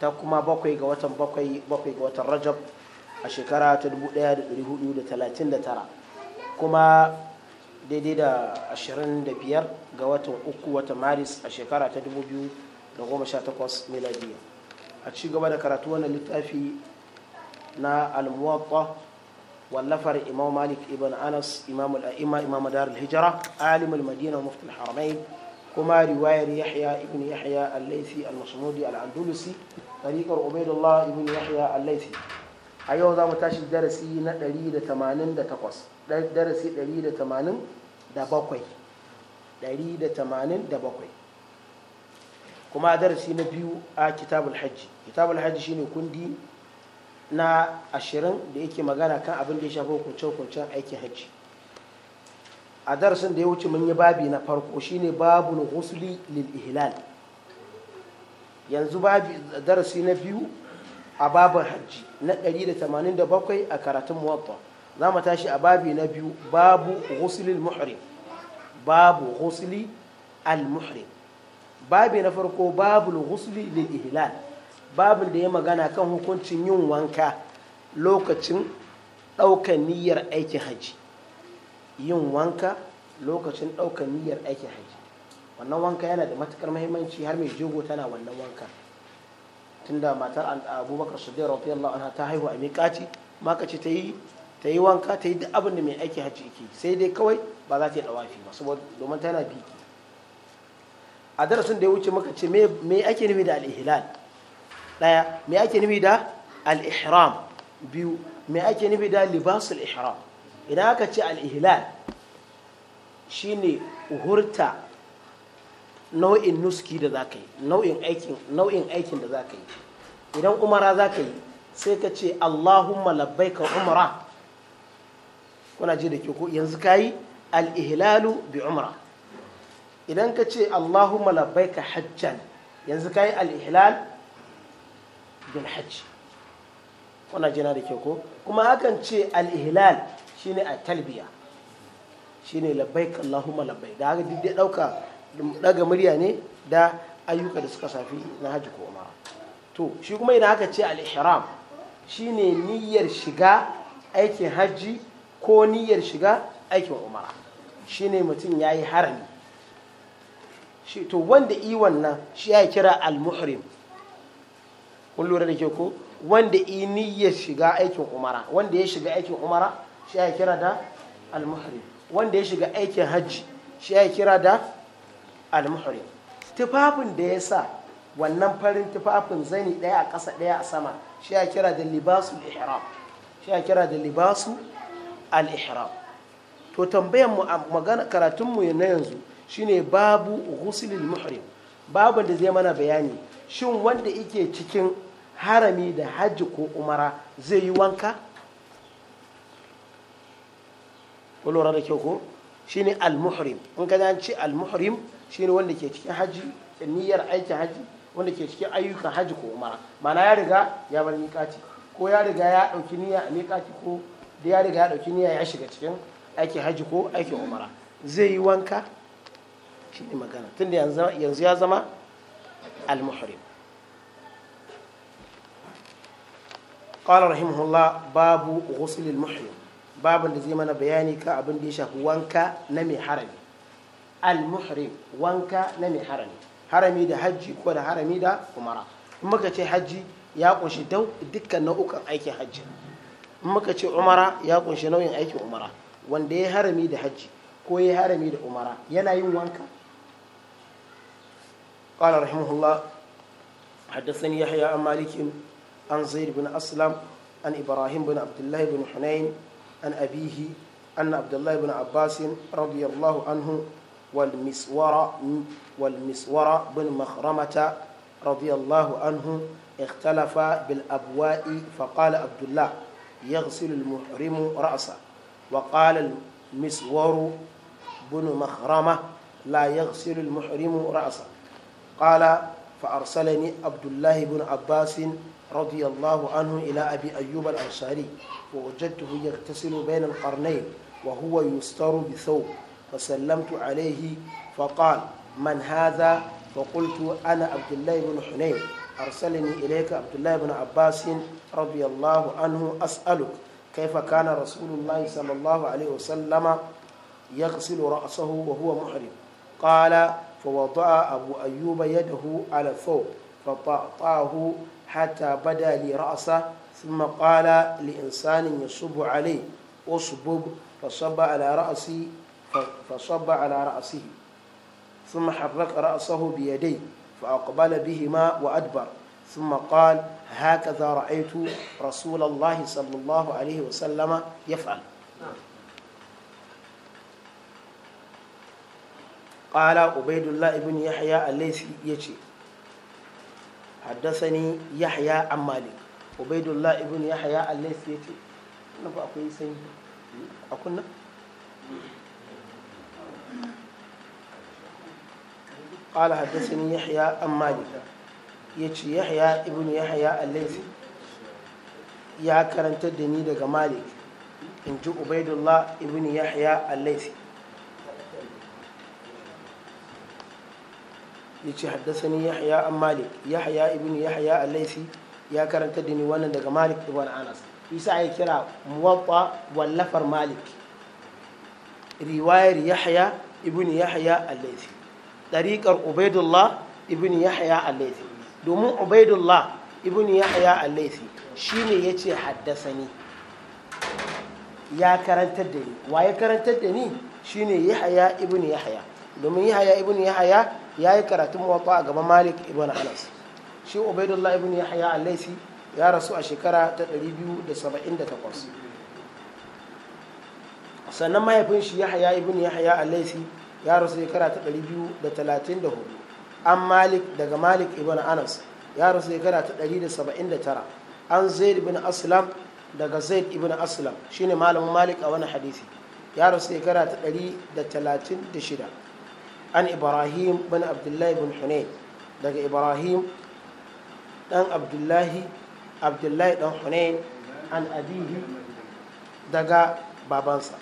ta kuma bakwai ga watan bakwai bakwai ga watan rajab a shekara ta 1439 kuma daidai da 25 ga watan uku watan maris a shekara ta 2018 miladiya a ci gaba da karatu wannan littafi na almuwatta wallafar imam malik ibn anas imam al'a'ima imam darul hijira alimul madina muftul haramain kuma riwayar yahya ibn yahya al-laisi al-masmudi al-andalusi tariqar ubaidullah ibn yahya al-laisi a yau za mu tashi darasi na 188 darasi 187 kuma darasi na biyu a kitabul hajji kitabul hajji shine kundi na ashirin da yake magana kan abin da ya shafi hukunce-hukuncen aikin hajji a darasin da ya wuce mun yi babi na farko shine babul ghusli lil ihlal yanzu babi darasi na biyu a babin hajji na 187 a karatun muwatta za mu tashi a babi na biyu babu al muhrim babu ghusli al muhrim babi na farko babul ghusli lil ihlal babin da ya magana kan hukuncin yin wanka lokacin ɗaukar niyyar aikin hajji yin wanka lokacin ɗaukar niyyar aikin hajji wannan wanka yana da matukar mahimmanci har mai jego tana wannan wanka tunda matar abubakar siddiq radiyallahu anha ta haihu a miƙaci maka ce ta yi ta yi wanka ta yi duk abin da mai aiki hajji yake sai dai kawai ba za ta yi dawafi ba saboda domin tana biki a darasin da ya wuce muka ce me ake nufi da al-ihlal ɗaya me ake nufi da al-ihram biyu me ake nufi da libasul ihram idan aka ce al'ihilal, shi ne hurta nau'in nuski da za ka yi nau'in aikin da za ka yi idan umara za ka yi sai ka ce allahumma ka umara kuna ji da ke ko yanzu ka yi al’ihilalu bi umara idan ka ce allahumma ka hajjan yanzu ka yi al’ihilal bin hajji kuna jina da ke ko kuma hakan ce al'ihilal. shine a talbiya shine labbaik Allahumma labai da haka duk dauka daga murya ne da ayyuka da suka safi na haji ko umara to shi kuma idan haka ce al-ihram shine niyyar shiga aikin haji ko niyyar shiga aikin umara shine mutum yayi harami shi to wanda i wannan shi ya kira al-muhrim kun lura da ke ko wanda i niyyar shiga aikin umara wanda ya shiga aikin umara shi ya kira da almuhrim wanda ya shiga aikin hajji shi ya kira da almuhrim tufafin da ya sa wannan farin tufafin zani ɗaya a ƙasa ɗaya a sama shi ya kira da libasu ihram shi ya kira da libasu al-ihram to tambayan mu magana karatun na yanzu shine babu ghuslil muhrim babu da zai mana bayani shin wanda yake cikin harami da hajji ko umara zai yi wanka ku lura da kyau ko shine al-muhrim in ka an ce al-muhrim shine wanda ke cikin haji niyyar aikin haji wanda ke cikin ayyukan haji ko umara mana ya riga ya bar miƙati ko ya riga ya ɗauki niyya a miƙati ko da ya riga ya ɗauki niyya ya shiga cikin aikin haji ko aikin umara zai yi wanka shi ne magana tunda yanzu ya zama almuhrim muhrim قال رحمه الله باب غسل المحرم babin da zai mana bayani ka abin da ya shafi wanka na mai harami al-muhrim wanka na mai harami harami da hajji ko da harami da umara in muka ce hajji ya kunshi dukkan nau'ukan aikin hajji in muka ce umara ya kunshi nau'in aikin umara wanda ya harami da hajji ko ya harami da umara yana yin wanka قال رحمه الله حدثني يحيى عن مالك عن زيد بن أسلم عن إبراهيم بن عبد الله بن حنين عن أبيه أن عبد الله بن عباس رضي الله عنه والمسور والمسور بن مخرمة رضي الله عنه اختلف بالأبواء فقال عبد الله يغسل المحرم رأسه وقال المسور بن مخرمة لا يغسل المحرم رأسه قال فأرسلني عبد الله بن عباس رضي الله عنه إلى أبي أيوب الأنصاري ووجدته يغتسل بين القرنين وهو يستر بثوب فسلمت عليه فقال من هذا فقلت أنا عبد الله بن حنين أرسلني إليك عبد الله بن عباس رضي الله عنه أسألك كيف كان رسول الله صلى الله عليه وسلم يغسل رأسه وهو محرم قال فوضع أبو أيوب يده على الثوب فطأطاه حتى بدا لي رأسه ثم قال لإنسان يصب عليه أصبب فصب على رأسي فصب على رأسه ثم حرك رأسه بيديه فأقبل بهما وأدبر ثم قال هكذا رأيت رسول الله صلى الله عليه وسلم يفعل قال عبيد الله بن يحيى الليثي يجي haddasani haya an malik ubaidullah ibn ya ce na ba akwai a قال حدثني يحيى عن مالك يتي يحيى ابن يحيى الليثي يا كرنت دني daga malik in ji ubaidullah ibn haya an laisi yace haddathani yahya an malik yahya ibn yahya al-laisi ya karanta da wannan daga malik ibn anas isa ya kira muwatta wallafar malik riwayar yahya ibn yahya al-laisi dariqar ubaidullah ibn yahya al-laisi domin ubaidullah ibn yahya al-laisi shine yace haddathani ya karantar da ni wa ya karantar da ni shine yahya ibn yahya domin yahya ibn yahya ya yi karatun mawaƙa a gaban malik ibn anas shi ubaidullah ibn yahya a laisi ya rasu a shekara ta 278 sannan mahaifin shi yahya ibn yahya a laisi ya rasu shekara ta 234 an malik daga malik ibn anas ya rasu shekara ta 179 an zaid ibn aslam daga zaid ibn aslam shine malamin malik a wani hadisi ya rasu shekara ta 136 an ibrahim bin abdullahi bin hunayn daga ibrahim dan abdullahi abdullahi dan hunayn an abihi daga babansa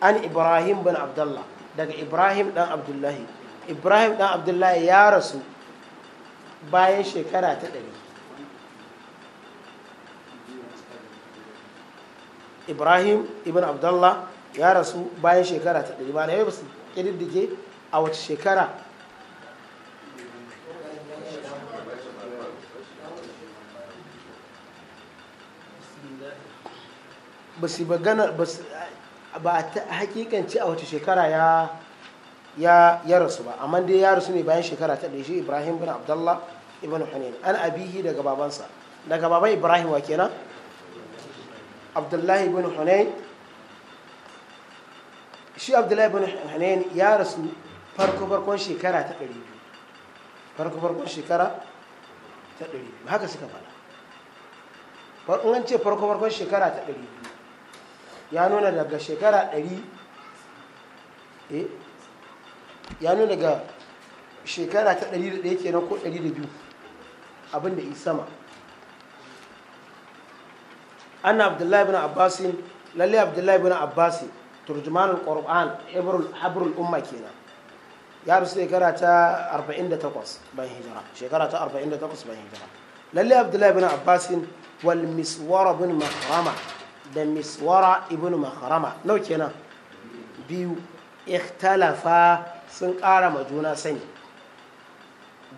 an ibrahim bin abdullah daga ibrahim dan abdullahi ibrahim dan abdullahi ya rasu bayan shekara ta ɗari ibrahim ibn abdullah ya rasu bayan shekara ta ɗari ba na yau kididdige a wace shekara ba su magana ba a hakikanci a wace shekara ya ya rasu ba amma dai ya rasu ne bayan shekara ta ɗaya shi ibrahim bin abdullah ibn hunayn an abihi daga babansa daga baban ibrahim wa kenan abdullahi bin hunayn shi abdullahi bin hanayin ya rasu farko farkon shekara ta ɗari biyu farko farkon shekara ta ɗari biyu haka suka faɗa an ce farko farkon shekara ta ɗari biyu ya nuna daga shekara ɗari eh, ya nuna daga shekara ta ɗari da ɗaya kenan ko ɗari da biyu abinda sama ana abdullahi bin abbasin lalle abdullahi bin abbasin turjumanul qur'an ibrul habrul umma kenan ya rasu shekara ta 48 bayan hijira shekara ta 48 bayan hijira lalle abdullahi bin abbasin wal miswara ibn mahrama da miswara ibn mahrama nau kenan biyu ikhtalafa sun ƙara ma juna sani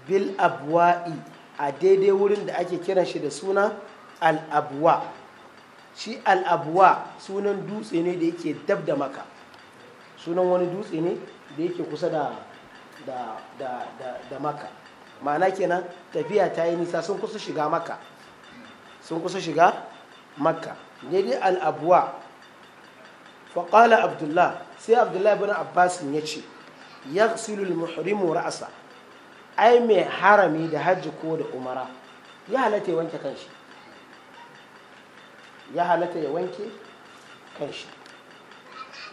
bil abwa'i a daidai wurin da ake kiran shi da suna al abuwa. shi al'abuwa sunan dutse ne da yake dab da maka sunan wani dutse ne da yake kusa da da maka ma'ana kenan tafiya ta yi nisa sun kusa shiga maka sun kusa shiga maka ne dai al'abuwa faƙala abdullah sai abdullah bin abbas ya ce ya silul muhrimu ra'asa ai mai harami da hajji ko da umara ya halatta wanke kanshi ya halatta ya wanke kanshi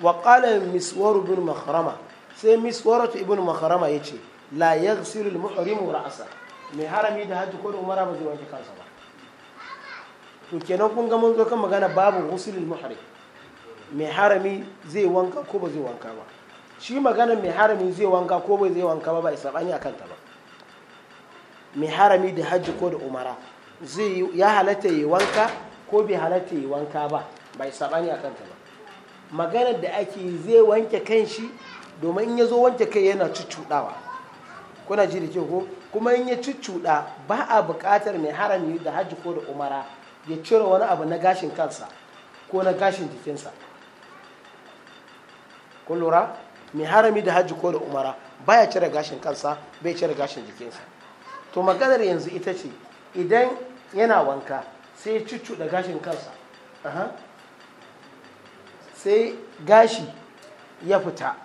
wa qala miswar ibn makhrama sai miswar ibn makhrama yace la yaghsilu al-muhrimu ra'sa mai harami da hajji ko umara ba zai wanke kansa ba to kenan kun ga mun zo kan magana babu ghusulul muhrim mai harami zai wanka ko ba zai wanka ba shi magana mai harami zai wanka ko ba zai wanka ba ba bani akan ta ba mai harami da hajji ko da umara zai ya halatta yi wanka ko bai halatta yi wanka ba bai sabani a kanta ba maganar da ake zai wanke kan shi domin in ya zo wanke kai yana cuccuɗawa kuna ji da ke ko kuma in ya cuccuɗa ba a buƙatar mai harami da hajji ko da umara ya cire wani abu na gashin kansa ko na gashin jikinsa kun lura mai harami da hajji ko da umara ba ya cire gashin kansa bai cire gashin jikinsa to maganar yanzu ita ce idan yana wanka sai ya da gashin kansa sai gashi ya fita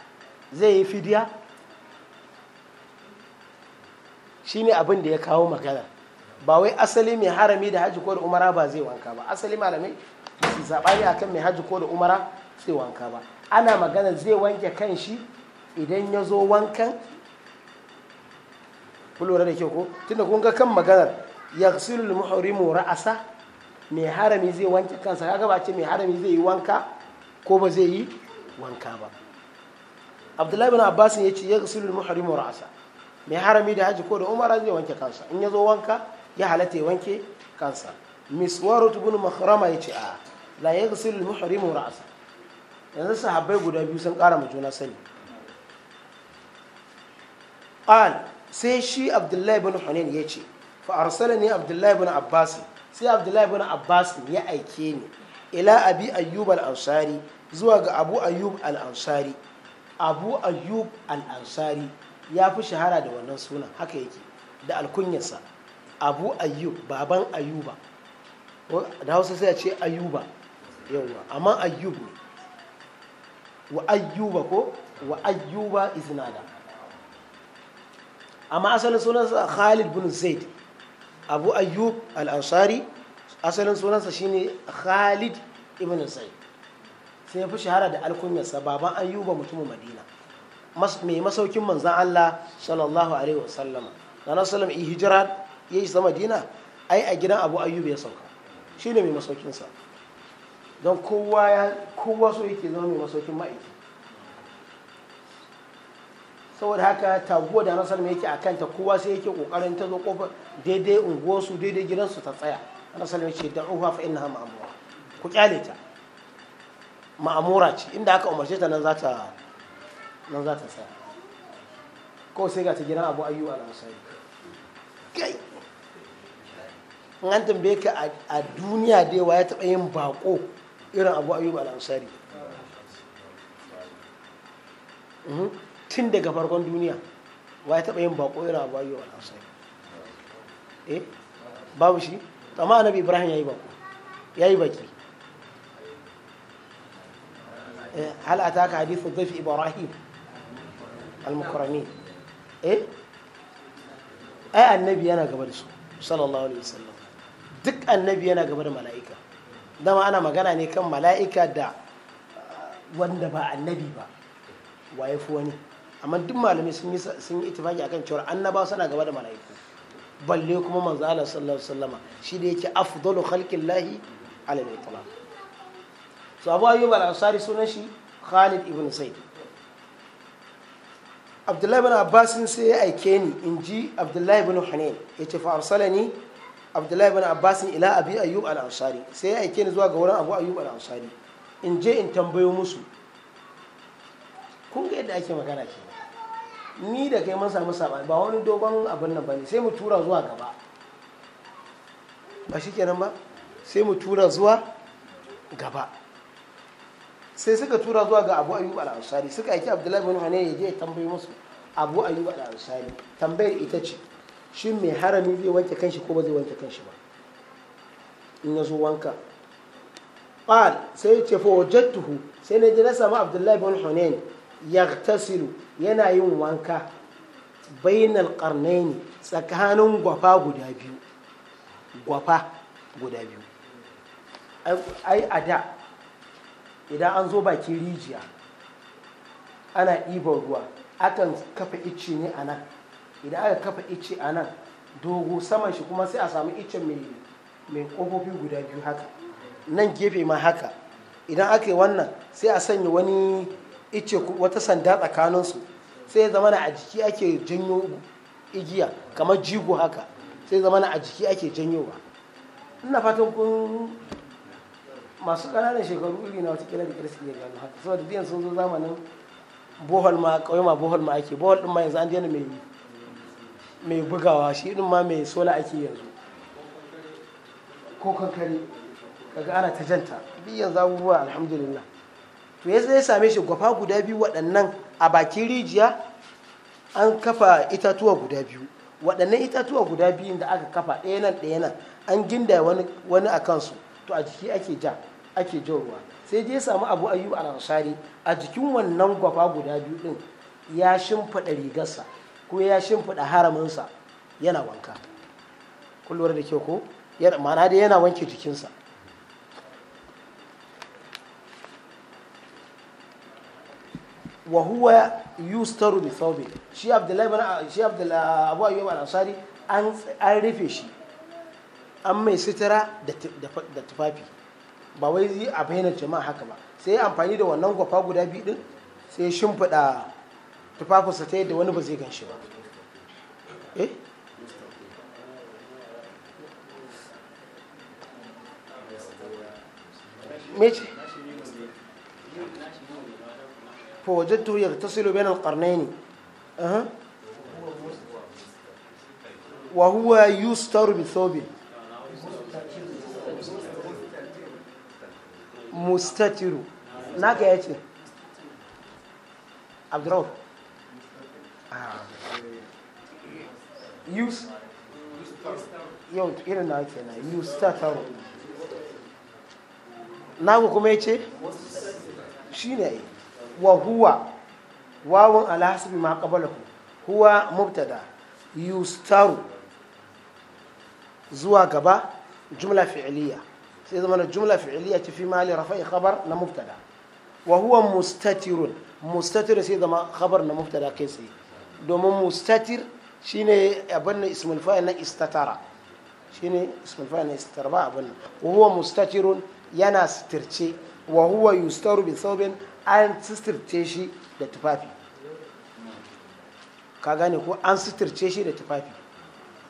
zai yi fidya shi ne abin da ya kawo magana ba wai asali mai harami da hajji ko da umara ba zai wanka ba asali malamai su ne a kan mai hajji ko da umara zai wanka ba ana magana zai wanke kan shi idan ya zo wankan ku da ke ko tunda kun ga kan maganar ya silu muhrimu ra'asa mai harami zai wanke kansa kaga ba ce mai harami zai yi wanka ko ba zai yi wanka ba abdullahi bin abbas ya ce ya gasilul muhrimu ra'asa mai harami da haji ko da umara zai wanke kansa in ya zo wanka ya halatta ya wanke kansa Miss miswaru ibn mahrama ya ce a la ya gasilul muhrimu ra'asa yanzu sahabbai guda biyu sun kara mu juna sani qal sai shi abdullahi bin hunain ya ce fa arsalani abdullahi bin abbas sai abdullahi bin abbas ya aike ni ila abi ayyub al-ansari zuwa ga abu ayyub al-ansari abu ayyub al-ansari ya fi shahara da wannan sunan haka yake da alkunyarsa abu ayyub baban ayyuba da hausa sai a ce ayyuba yawa amma ayyub ne wa ayyuba ko wa ayyuba iznada amma asalin sunansa khalid bin zaid abu ayyub al-ansari asalin sunansa shine khalid ibn sa'id sai ya fi shahara da alkunyarsa baban ayyuba mutumin madina mai masaukin manzan allah sallallahu alaihi wasallama na sallam iya hijira ya isa madina ai a gidan abu ayyuba ya sauka shine mai masaukinsa don kowa so yake zama mai masaukin ma'aiki saboda haka taguwa da nasar mai yake a kanta kowa sai yake kokarin ta zo kofar daidai unguwarsu daidai gidansu ta tsaya nasar mai ce uwa fa na ma'amura ku kyale ta ma'amura ce inda aka umarce ta nan za ta nan ta tsaya ko sai ga ta gidan abu ayu a ansari kai in an tambaye ka a duniya da yawa ya taɓa yin bako irin abu ayu al-ansari hmm? tun daga farkon duniya wa ya taɓa yin bako yana ba yi wa ansari eh babu shi amma annabi ibrahim ya yayi bako yi baki eh, hal ataka hadithu zafi ibrahim al-mukarramin eh ai annabi yana gaba da su sallallahu alaihi wasallam duk annabi yana gaba da mala'ika dama ana magana ne kan mala'ika da wanda ba annabi ba wa yafi wani amma duk malamai sun yi sun yi ittifaki akan cewa annaba suna gaba da mala'iku balle kuma manzo Allah sallallahu alaihi wasallama shi da yake afdalu khalqillahi ala al-itlaq so Abu Ayyub al-Ansari sunan shi Khalid ibn Said, Abdullahi ibn Abbas sai ya aike ni in ji Abdullahi ibn Hunain yace fa arsalani Abdullahi ibn Abbas ila Abi Ayyub al-Ansari sai ya aike ni zuwa ga wurin Abu Ayyub al-Ansari in je in tambayo musu kun ga yadda ake magana ke ni da kai mun samu sabani ba wani dogon abin nan bane sai mu tura zuwa gaba ba shikenan ba sai mu tura zuwa gaba sai suka tura zuwa ga Abu Ayyub al-Ansari suka aiki Abdullahi bin Hanay ya je tambayi musu Abu Ayyub al-Ansari tambayar ita ce shin mai harami zai wanke kanshi ko ba zai wanke kanshi ba in ya zo wanka qal sai ya ce fa wajadtuhu sai na je na samu Abdullahi bin Hunayn yagtasilu yana yin wanka bainal ne tsakanin gwafa guda biyu gwafa guda biyu ai a da idan an zo baki rijiya ana ɗiban ruwa akan kafa icce ne a nan idan aka kafa icce a nan dogo saman shi kuma sai a samu iccen mai ƙofofi guda biyu haka nan gefe ma haka idan aka yi wannan sai a sanya wani ice wata sanda tsakaninsu sai ya zama a jiki ake janyo igiya kamar jigo haka sai zama a jiki ake janyowa ina fatan kun masu ƙananan shekaru iri na watakila da ƙirsi ne gano haka saboda biyan sun zo zamanin bohol ma kawai ma bohol ma ake bohol din ma yanzu an daina mai bugawa shi din ma mai sola ake yanzu ko kankare kaga ana ta janta biyan zabubuwa alhamdulillah to ya zai same shi gwafa guda biyu waɗannan a bakin rijiya an kafa itatuwa guda biyu waɗannan itatuwa guda biyun da aka kafa ɗaya nan ɗaya nan an ginda wani a kansu to a jiki ake ja ake jan ruwa sai ya samu abu ayyub al-ansari a jikin wannan gwafa guda biyu ɗin ya shimfiɗa rigarsa ko ya shimfiɗa haraminsa yana wanka kullum da kyau ko ma'ana da yana wanke jikinsa وهو يستر بثوبه شي عبد shi abdullahi شي عبد الله ابو ايوب الانصاري ان an an شي shi an mai sitira da tufafi ba wai ابينا a هكا jama'a haka ba sai amfani da wannan gwafa guda biyu din sai shimfiɗa tufafinsa ta da wani ba zai ganshi ba eh ce. فوجدته يغتسل بين القرنين أه. وهو يستر بثوب مستتر ناك يا اتي عبد الرؤوف آه. يوس يوم إلى ناك هنا يستتر ناك كما شيني wa huwa wawun ala ma qablahu huwa mubtada yustaru zuwa gaba jumla fi'liya sai zama jumla fi'liya ta fi mali rafa'i khabar na mubtada wa huwa mustatirun mustatir sai zama khabar na mubtada kai sai domin mustatir shine abin na ismul fa'il na istatara shine ismul fa'il na istatara ba abin wa huwa mustatirun yana sitirce wa huwa yustaru bi thawbin an sistirce shi da tufafi ka gane ko an sistirce shi da tufafi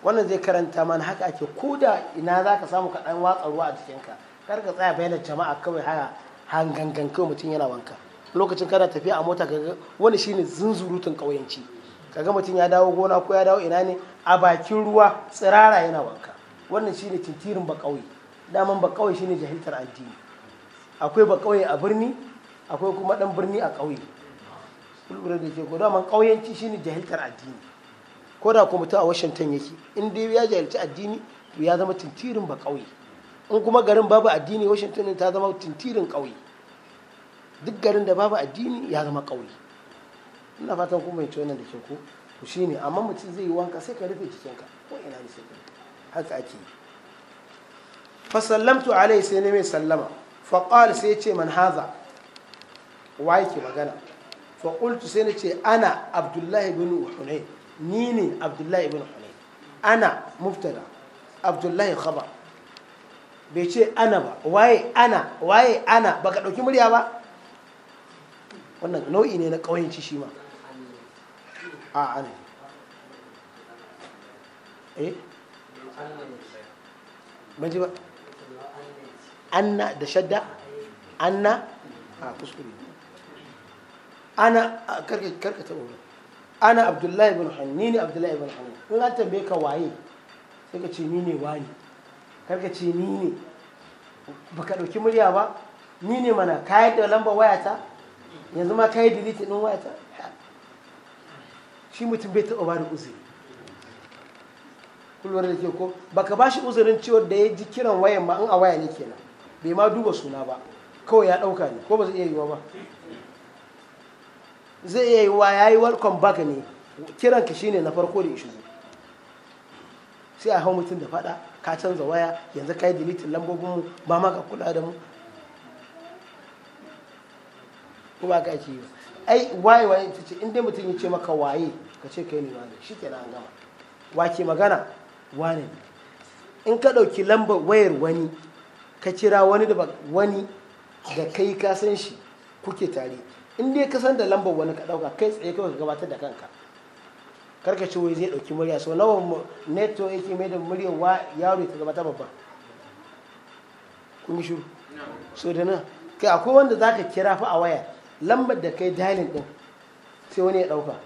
wannan zai karanta mana haka ake ko da ina za ka samu kaɗan watsa ruwa a jikinka kar ka tsaya bayan jama'a kawai haya hangangan kawai mutum yana wanka lokacin kana tafiya a mota kaga wani shine zunzurutun ƙauyenci kaga mutum ya dawo gona ko ya dawo ina ne a bakin ruwa tsirara yana wanka wannan shine tintirin ba ƙauye daman ba shine jahiltar addini akwai ba a birni akwai kuma dan birni a ƙauye kulkura da ke ko daman ƙauyenci shine jahiltar addini ko da kuma ta a washington yake in dai ya jahilci addini to ya zama tintirin ba ƙauye in kuma garin babu addini washington ta zama tintirin ƙauye duk garin da babu addini ya zama ƙauye ina fatan kuma ya ci da ke ko to shine amma mutum zai yi wanka sai ka rufe jikinka ko ina ne sai ka haka ake yi fasallamtu alai sai ne mai sallama faƙal sai ce man haza Waye yake magana fa qultu sai nace ana abdullahi ibn hunayn ni ne abdullahi ibn hunayn ana mubtada abdullahi khabar bai ce ana ba waye ana waye ana baka dauki murya ba wannan nau'i ne na kauyanci shi ma a ana eh ba anna da shadda anna a kuskure ana karka karka ta wuri ana abdullahi ibn hannu ni ne abdullahi ibn hannu in an tambaye ka waye sai ka ce ni ne wani karka ce ni ne baka dauki murya ba ni ne mana yi da lamba wayata yanzu ma da delete din wayata shi mutum bai taɓa ba da uzuri kullum da ke ko baka ba shi uzurin ciwo da ya ji kiran wayan ma in a waya ne kenan bai ma duba suna ba kawai ya ɗauka ne ko ba zai iya yiwa ba zai yi wa ya yi welcome back ne kiranka shine na farko da ya sai a hau mutum da fada ka canza waya yanzu ka yi dilitin lambobinmu ba ma ka kula da mu ko ba ka ake yi ai waye waye ta ce inda mutum ya ce maka waye ka ce kai ne wane shi ke na gama wa ke magana wane in ka ɗauki lambar wayar wani ka kira wani da wani da kai ka san shi kuke tare in dai ka san da lambar wani ka dauka kai tsaye kawai ka gabatar da kanka karka ce wai zai dauki murya so nawa neto yake mai da murya wa yaro ta gabata babba kun shi so da nan kai akwai wanda zaka kira fa a waya lambar da kai dialing din sai wani ya dauka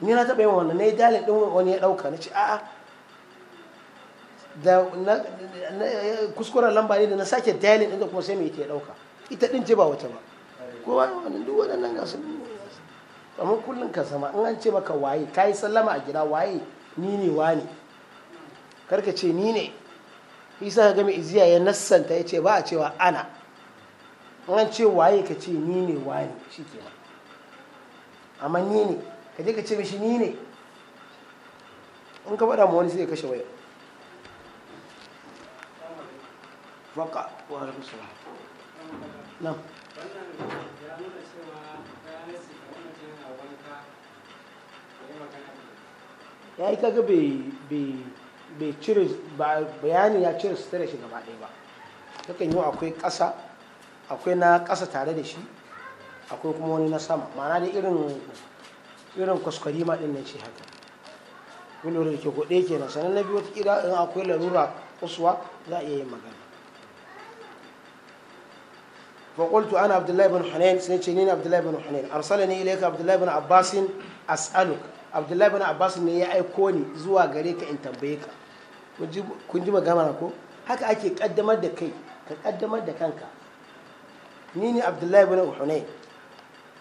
ni na taɓa yin wannan na yi dalil ɗin wani ya ɗauka na ce a'a da kuskuren lamba ne da na sake dalil ɗin da kuma sai mai ta ya ɗauka ita din ce ba wata ba kowa ya wani duk waɗannan gasu amma kullum ka sama in an ce maka waye ka yi sallama a gida waye ni ne wani karka ce ni ne isa ka gami iziya ya nassanta ya ce ba a cewa ana in an ce waye ka ce ni ne wani shi ba amma ni ne ka je ka ce mishi ni ne in ka faɗa ma wani sai ya kashe waya faka wa alaikum salam ya yi kaga bai cire bayani ya cire tare shi gaba ɗaya ba takan yi akwai ƙasa akwai na ƙasa tare da shi akwai kuma wani na sama ma'ana da irin irin kwaskwari ma ɗin nan ce haka wani da ke kuɗe kenan sannan na biyu wata ƙira in akwai larura kusuwa za a iya yin magana فقلت أنا عبد الله بن حنين سنتشنين عبد الله بن حنين أرسلني إليك عبد الله بن عباس أسألك عبد الله بن عباس ne ya aiko ni zuwa gare ka in tambaye ka kun ji magana ko haka ake kaddamar da kai ka kaddamar da kanka ni ne abdullahi bin hunay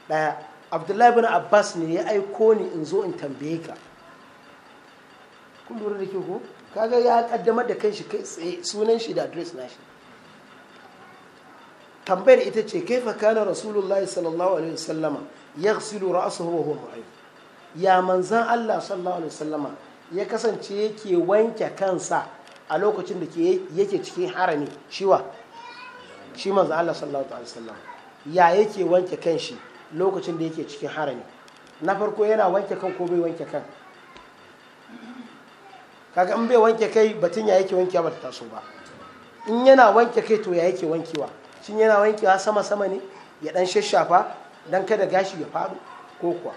daya abdullahi bin abbas ne ya aiko ni in zo in tambaye ka kun lura da ke ko kaga ya kaddamar da kanshi kai tsaye sunan shi da adres na shi tambayar ita ce kaifa kana rasulullahi sallallahu alaihi wasallama yaghsilu ra'sahu wa huwa mu'ayyib ya manzan Allah sallallahu alaihi wasallama ya kasance yake wanke kansa a lokacin da yake cikin harami shiwa shi manzan Allah sallallahu alaihi wasallama ya yake wanke kanshi lokacin da yake cikin harami na farko yana wanke kan ko bai wanke kan kaga in bai wanke kai batun ya yake wankewa ba ta taso ba in yana wanke kai to ya yake wankewa shin yana wankewa sama sama ne ya dan shashafa dan kada gashi ya faru ko kuwa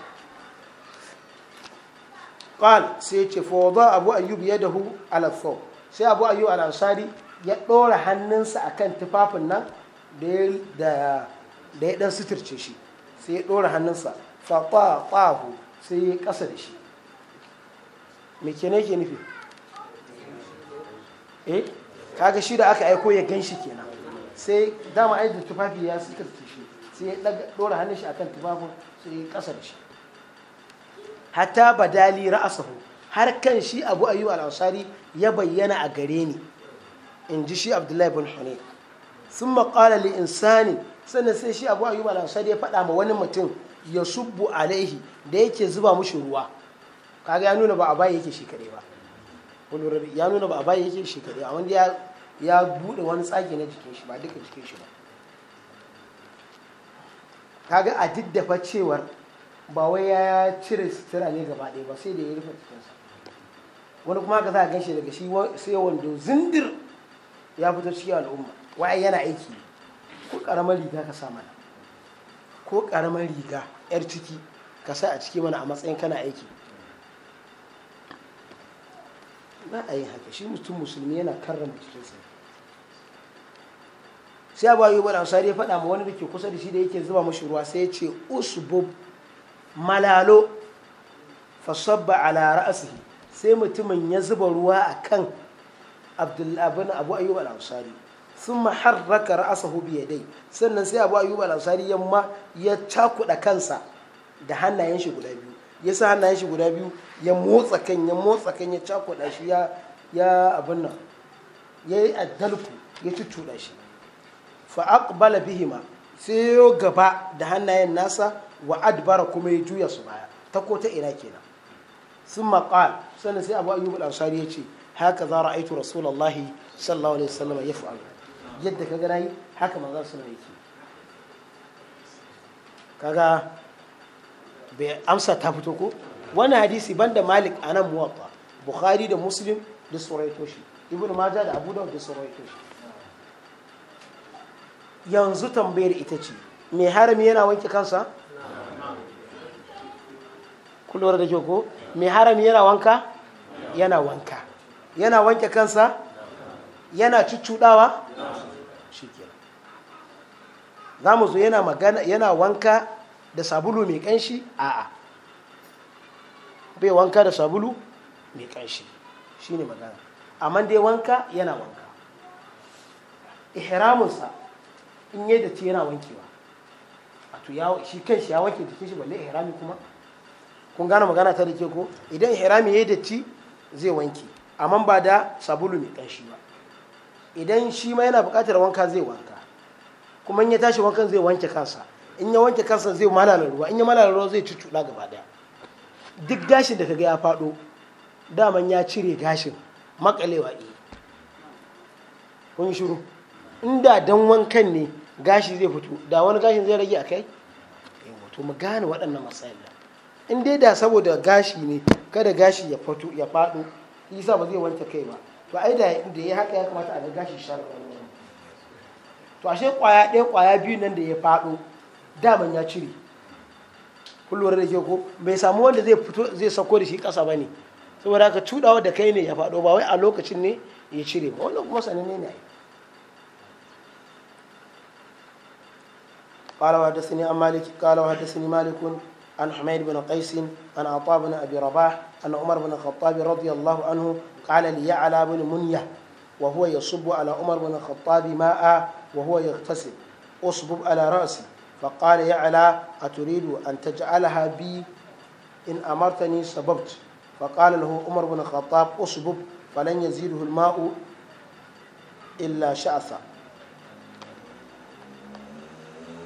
qal sai ce fa wada abu ayyub yadahu ala thawb sai abu ayyub al ansari ya ɗora hannunsa akan tufafin nan da da ya dan suturce shi sai ya ɗora hannunsa fa sai ya kasa da shi me ne ke nufi eh kaga shi da aka aiko ya gan shi kenan sai dama ai da tufafi ya suturce shi sai ya dora hannun shi akan tufafin sai ya kasa da shi hatta badali ra'asahu har kan shi abu ayyub al-ansari ya bayyana a gare ni in ji shi abdullahi bin hane sun maƙala li insani sannan sai shi abu ayyub al-ansari ya faɗa ma wani mutum ya subbu alaihi da yake zuba mushi ruwa kaga ya nuna ba a baya yake shi kaɗai ba ya nuna ba a baya yake shi kaɗai a wanda ya ya buɗe wani tsage na jikin shi ba duka jikin shi ba kaga a diddafa cewar ba wai ya cire sutura ne gaba ɗaya ba sai da ya rufe jikinsa wani kuma ka za a ganshi daga shi sai wando zindir ya fito cikin al'umma wa'ai yana aiki ko ƙaramar riga ka sa mana ko ƙaramar riga 'yar ciki ka sa a ciki mana a matsayin kana aiki ba a yin haka shi mutum musulmi yana karrama jikinsa sai abu ayyuba da ansari ya faɗa ma wani da ke kusa da shi da yake zuba mashi ruwa sai ya ce usbu malalo fasabba ala ra'asihi sai mutumin ya zuba ruwa a kan abdullabin abu ayyuba da ansari sun maharraka ra'asahu dai sannan sai abu ayyuba da ansari yamma ya cakuɗa kansa da hannayen shi guda biyu ya sa hannayen shi guda biyu ya motsa kan ya motsa kan ya cakuɗa shi ya ya abin nan ya yi addalku ya cuccuɗa shi fa aqbala bihima sai yo gaba da hannayen nasa wa adbara kuma ya juya su baya ta ko ta ina kenan sun maƙal sannan sai abu ayyub al-ansari ya ce haka za ra'aitu rasulullahi sallallahu alaihi wasallam ya fa'alu yadda ka ga nayi haka manzon suna alaihi yake kaga bai amsa ta fito ko wannan hadisi banda malik a nan muwatta bukhari da muslim da suraito shi ibn maja da abu da suraito shi yanzu tambayar ita ce mai harami yana wanke kansa ku da ko mai harami yana wanka yana wanka yana wanke kansa yana cuccudawa kira za mu zo yana magana yana wanka da sabulu mai kanshi a'a bai wanka da sabulu mai kanshi shine magana amma dai wanka yana wanka ihramunsa in yi da yana wankewa wato shi kanshi ya wanke jikin shi balle ihrami kuma kun gane magana ta da ke ko idan ihrami ya yi datti zai wanke amma ba da sabulu mai kanshi ba idan shi ma yana buƙatar wanka zai wanka kuma in ya tashi wankan zai wanke kansa in ya wanke kansa zai malala ruwa in ya malala ruwa zai cuccuɗa gaba daya duk gashin da kaga ya faɗo daman ya cire gashin makalewa iya eh. kun shiru inda dan wankan ne gashi zai fito da wani gashin zai rage a kai to mu gane waɗannan matsayin in dai da saboda gashi ne kada gashi ya fito ya faɗo isa ba zai wanke kai ba to ai da da ya haka ya kamata a ga gashi shar to ashe kwaya ɗaya kwaya biyu nan da ya faɗo daman ya cire kullum da ke ko bai samu wanda zai fito zai sako da shi kasa ba ne saboda haka cudawa da kai ne ya faɗo ba wai a lokacin ne ya cire ba wannan kuma sananne ne قال وحدثني عن مالك قال وحدثني مالك عن حميد بن قيس عن عطاء بن ابي رباح عن عمر بن الخطاب رضي الله عنه قال ليعلى بن منيه وهو يصب على عمر بن الخطاب ماء وهو يغتسل اصبب على راسي فقال يعلى أتريد أن تجعلها بي إن أمرتني سببت فقال له عمر بن الخطاب أصبب فلن يزيده الماء إلا شأثا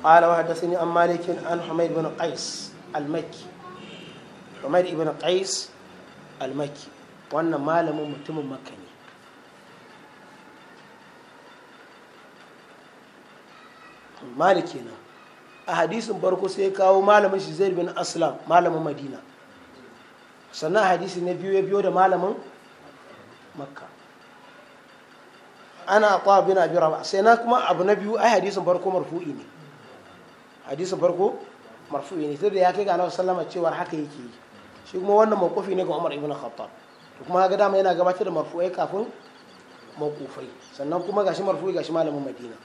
قال وحدثني عن مالك عن حميد بن قيس المكي حميد بن قيس المكي وأن مالم متم مكني مالك هنا a hadisin barko sai ya kawo malamin shi zaid bin aslam malamin madina sannan hadisi na biyu ya biyo da malamin makka ana kwa bin abi rawa sai na kuma abu na biyu ai hadisin farko marfu'i ne hadisin farko marfu'i ne sai da ya kai ga annabi sallama cewa haka yake yi shi kuma wannan mawqufi ne ga Umar ibn Khattab to kuma ga dama yana gabatar da marfu'ai kafin mawqufai sannan kuma gashi marfu'i gashi malamin Madina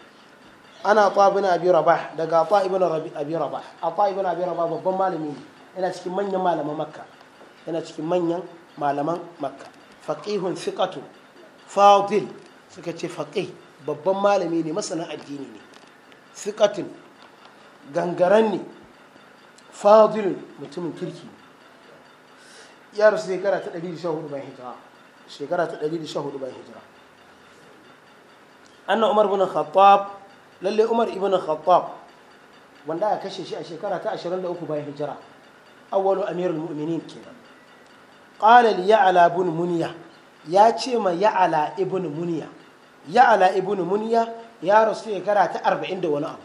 ana ta ibn abi rabah daga ta ibn abi rabah ta ibn abi rabah babban malami ne yana cikin manyan malaman makka yana cikin manyan malaman makka faqihun thiqatu fadil suka ce faqih babban malami ne masanin addini ne thiqatun gangaran ne fadil mutumin kirki ne ya rasu shekara ta 114 bayan hijira shekara ta 114 bayan hijira anna umar bin khattab lalle umar ibn khattab wanda aka kashe shi a shekara ta 23 bayan hijira awwalu amirul mu'minin kenan qala li ya'la ibn munya ya ce ma ya'la ibn munya ya'la ibn munya ya rasu shekara ta 40 da wani abu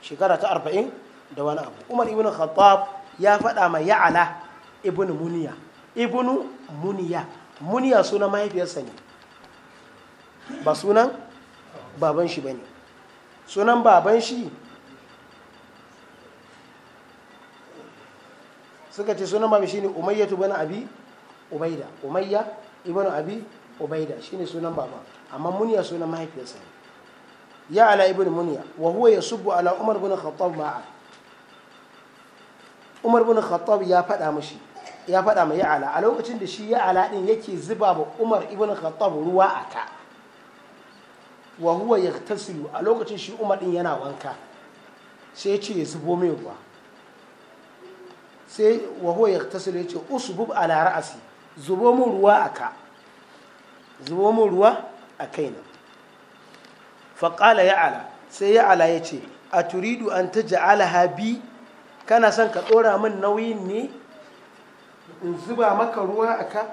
shekara ta 40 da wani abu umar ibn khattab ya faɗa ma ya'la ibn munya ibn munya munya sunan mahaifiyarsa ne ba sunan baban shi bane sunan baban shi suka ce sunan baban shi ne umayya ibn abi ubaida umayya ibn abi ubaida shi ne sunan Baban amma muniya sunan mahaifiyarsa ne ya ala ibn muniya wa huwa yasubbu ala umar ibn khattab ma'a umar ibn khattab ya faɗa mishi ya faɗa ma ya'ala a lokacin da shi ya'ala din yake zuba ba umar ibn khattab ruwa a ka wa huwa yaghtasilu a lokacin shi umar din yana wanka sai ya ce ya zubo min ruwa sai wa huwa yaghtasilu ya ce usbub ala ra'asi zubo min ruwa a ka zubo min ruwa a kaina faƙala ya ya'ala sai ya'ala ya ce a turidu an ta taj'alaha bi kana son ka ɗora min nauyin ne in zuba maka ruwa a ka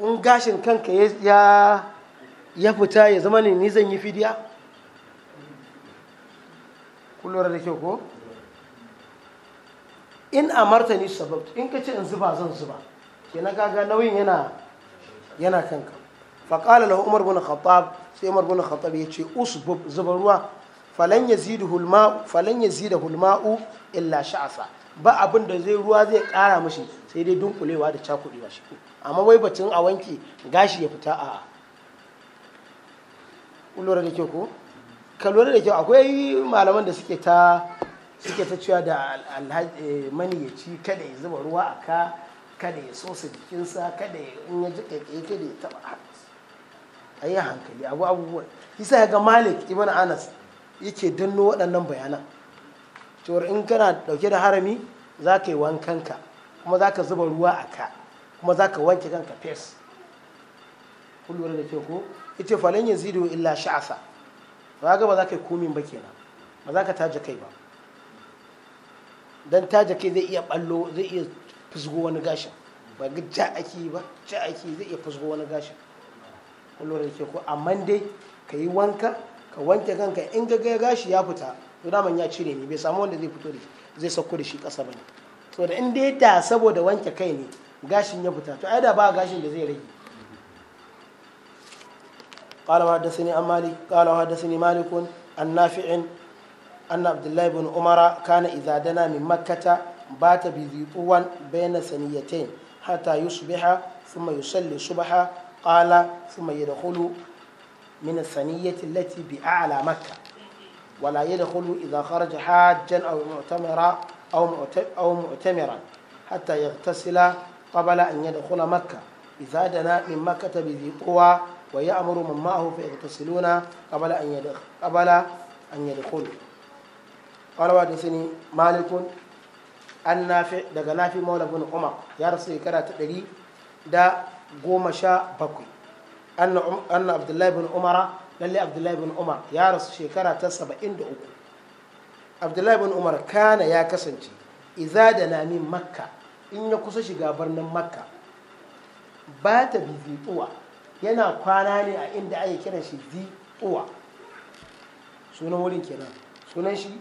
in gashin kanka ya ya fita ya zama ne ni zan yi fidiya kullum da kyau ko in amarta ni sabab in ka ce in zuba zan zuba na kaga nauyin yana yana kanka faƙala lahu umar bin khattab sai umar bin khattab ya ce usbub zuba ruwa falan da hulma'u falan hulma'u illa sha'asa ba abin da zai ruwa zai kara mashi sai dai dunkulewa da cakudewa shi amma wai batun a wanke gashi ya fita a'a kun lura da ke ko ka lura da ke akwai malaman da suke ta suke ta cewa da alhaji eh, mani ya ci kada ya zuba ruwa a ka kada ya sosa jikinsa kada ya in ya ji kaikai kada ya taba a yi hankali abu abubuwan isa ya ga malik ibn anas yake danno waɗannan bayanan cewar in kana ɗauke da harami za ka yi wankanka kuma za ka zuba ruwa a ka kuma za ka wanke kanka fes kun da ke ko yace falan yazidu illa sha'asa ba ga ba za ka yi komin ba kenan ba za ka taje kai ba dan taje kai zai iya ballo zai iya fusgo wani gashin ba ga ja ake ba ja ake zai iya fusgo wani gashin kullum da ke ko amma dai ka yi wanka ka wanke kanka in ga gashi ya fita to daman ya cire ne bai samu wanda zai fito da shi zai sauko da shi ƙasa ba ne saboda in dai da saboda wanke kai ne gashin ya fita to ai da ba gashin da zai rage قال وحدثني مالك قال وحدثني مالك النافع نافع أن عبد الله بن عمر كان إذا دنا من مكة بات بذي بين ثنيتين حتى يصبح ثم يصلي صبحا قال ثم يدخل من الثنية التي بأعلى مكة ولا يدخل إذا خرج حاجا أو معتمرا أو أو معتمرا حتى يغتسل قبل أن يدخل مكة إذا دنا من مكة بذي قوى wa ya amuru mun ma'ahu fi ita tasiluna kabala an yadda kabala an yadda kulu kwarawa da sini malikun an daga na fi maula bin kuma ya rasu ya ta ɗari da goma sha bakwai an na abdullahi bin umara lalle abdullahi bin umar ya rasu shekara ta saba'in da uku abdullahi bin umar kana ya kasance iza da na min makka in ya kusa shiga birnin makka ba ta bibi yana kwana ne a inda ake kiran shi uwa sunan wurin kenan sunan shi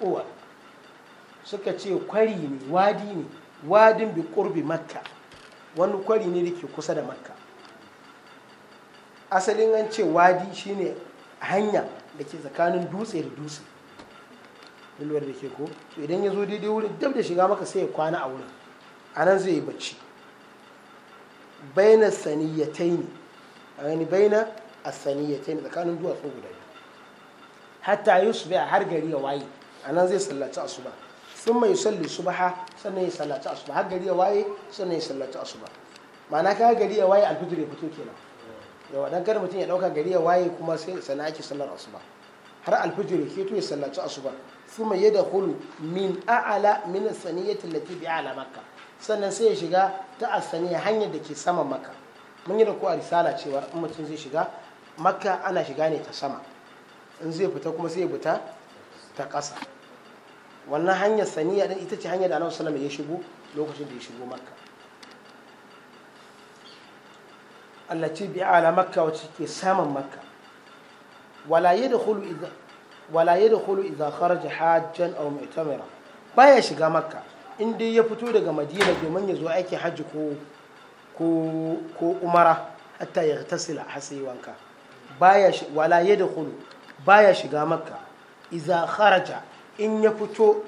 uwa suka ce kwari ne wadi ne wadin bi kurbi makka wani kwari ne da ke kusa da makka asalin an ce wadi shine hanya da ke tsakanin dutse da dutse lulwar da ke ko idan ya zo daidai wurin dab da shiga maka sai ya kwana a wurin anan zai yi bacci baina saniyataini a gani baina as-saniyataini tsakanin duwatsu guda biyu hatta yusbiha har gari ya waye a nan zai sallaci asuba sun mai salli su ha sannan ya sallaci asuba har gari ya waye sannan ya sallaci asuba ma'ana ka gari ya waye alfijir ya fito kenan yawa dan kar mutum ya dauka gari ya waye kuma sai sana ake sallar asuba har alfijir ya keto ya sallaci asuba sun mai yadda yadkhulu min a'ala min as-saniyati allati bi a'la makkah sannan sai ya shiga ta asaniya hanyar da ke saman maka mun yi da ko risala cewa in mutum zai shiga maka ana shiga ne ta sama in zai fita kuma sai ya fita ta ƙasa wannan hanyar saniya din ita ce hanyar da ana sallallahu ya shigo lokacin da ya shigo maka. Allah ce bi ala makka wacce ke saman makka wala yadkhulu idza wala yadkhulu idza kharaja hajjan aw mu'tamira baya shiga makka in dai ya fito daga madina domin ya zo aiki hajji ko umara hatta ya tasila a hasi wanka baya wala ya da hulu baya shiga makka iza kharaja in ya fito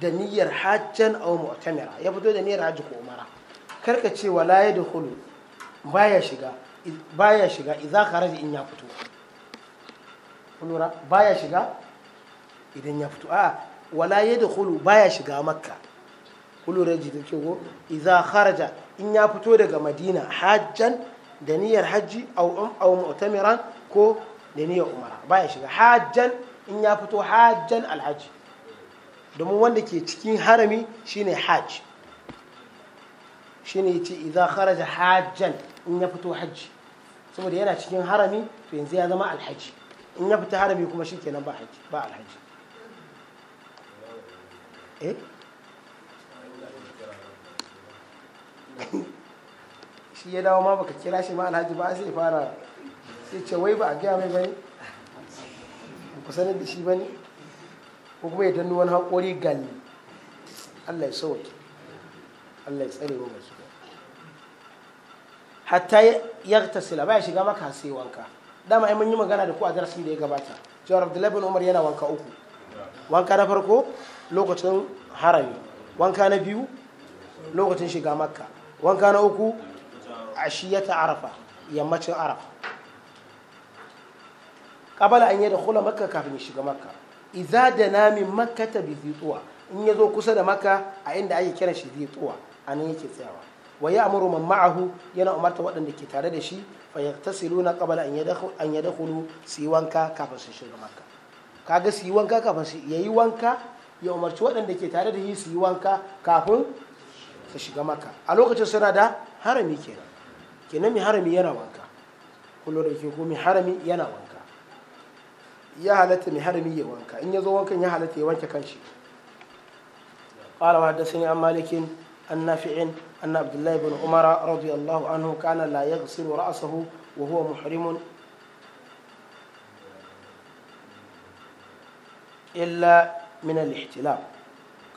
da niyyar hajjan aw mu'tamira ya fito da niyyar hajji ko umara karka ce wala ya da hulu baya shiga baya shiga iza kharaja in ya fito baya shiga idan ya fito a wala yadkhulu baya shiga makka kullu raji da ke go iza kharaja in ya fito daga madina hajjan da niyyar hajji um, aw mu'tamiran ko da niyyar umara baya shiga hajjan in ya fito hajjan alhaji domin wanda ke cikin harami shine hajj shine yace iza kharaja hajjan in ya fito hajji saboda yana cikin harami to yanzu ya zama alhaji in ya fita harami kuma shi kenan ba alhaji eh shi ya dawo ma baka kira shi ma alhaji ba sai fara sai ce wai ba a gaya mai bane ku sanar da shi bane ko kuma ya dannu wani haƙori gal Allah ya sauke Allah ya tsare wa masu hatta ya tasila ya shiga maka sai wanka dama mun yi magana da ku a darasin da ya gabata jawar abdullahi bin umar yana wanka uku wanka na farko lokacin harami wanka na biyu lokacin shiga makka wanka na uku ashiyata arafa yammacin arafa ƙabala an yi da hula makka kafin ya shiga makka iza da nami makka ta bi zituwa in ya zo kusa da makka a inda ake kira shi zituwa a nan yake tsayawa wa ya amuru man ma'ahu yana umarta waɗanda ke tare da shi fa yagtasiluna qabla an yadkhulu su yi wanka kafin su shiga makka kaga su yi wanka kafin su yi wanka ya umarci waɗanda ke tare da yi su yi wanka kafin su shiga maka a lokacin suna da harami kenan kenan mai harami yana wanka kullum da ke mai harami yana wanka ya halatta mai harami ya wanka in ya zo wankan ya halatta ya wanke kanshi قال وحدثني عن مالك عن نافع أن Abdullahi bin بن radiyallahu رضي الله عنه كان لا يغسل wa huwa محرم illa. من الاحتلال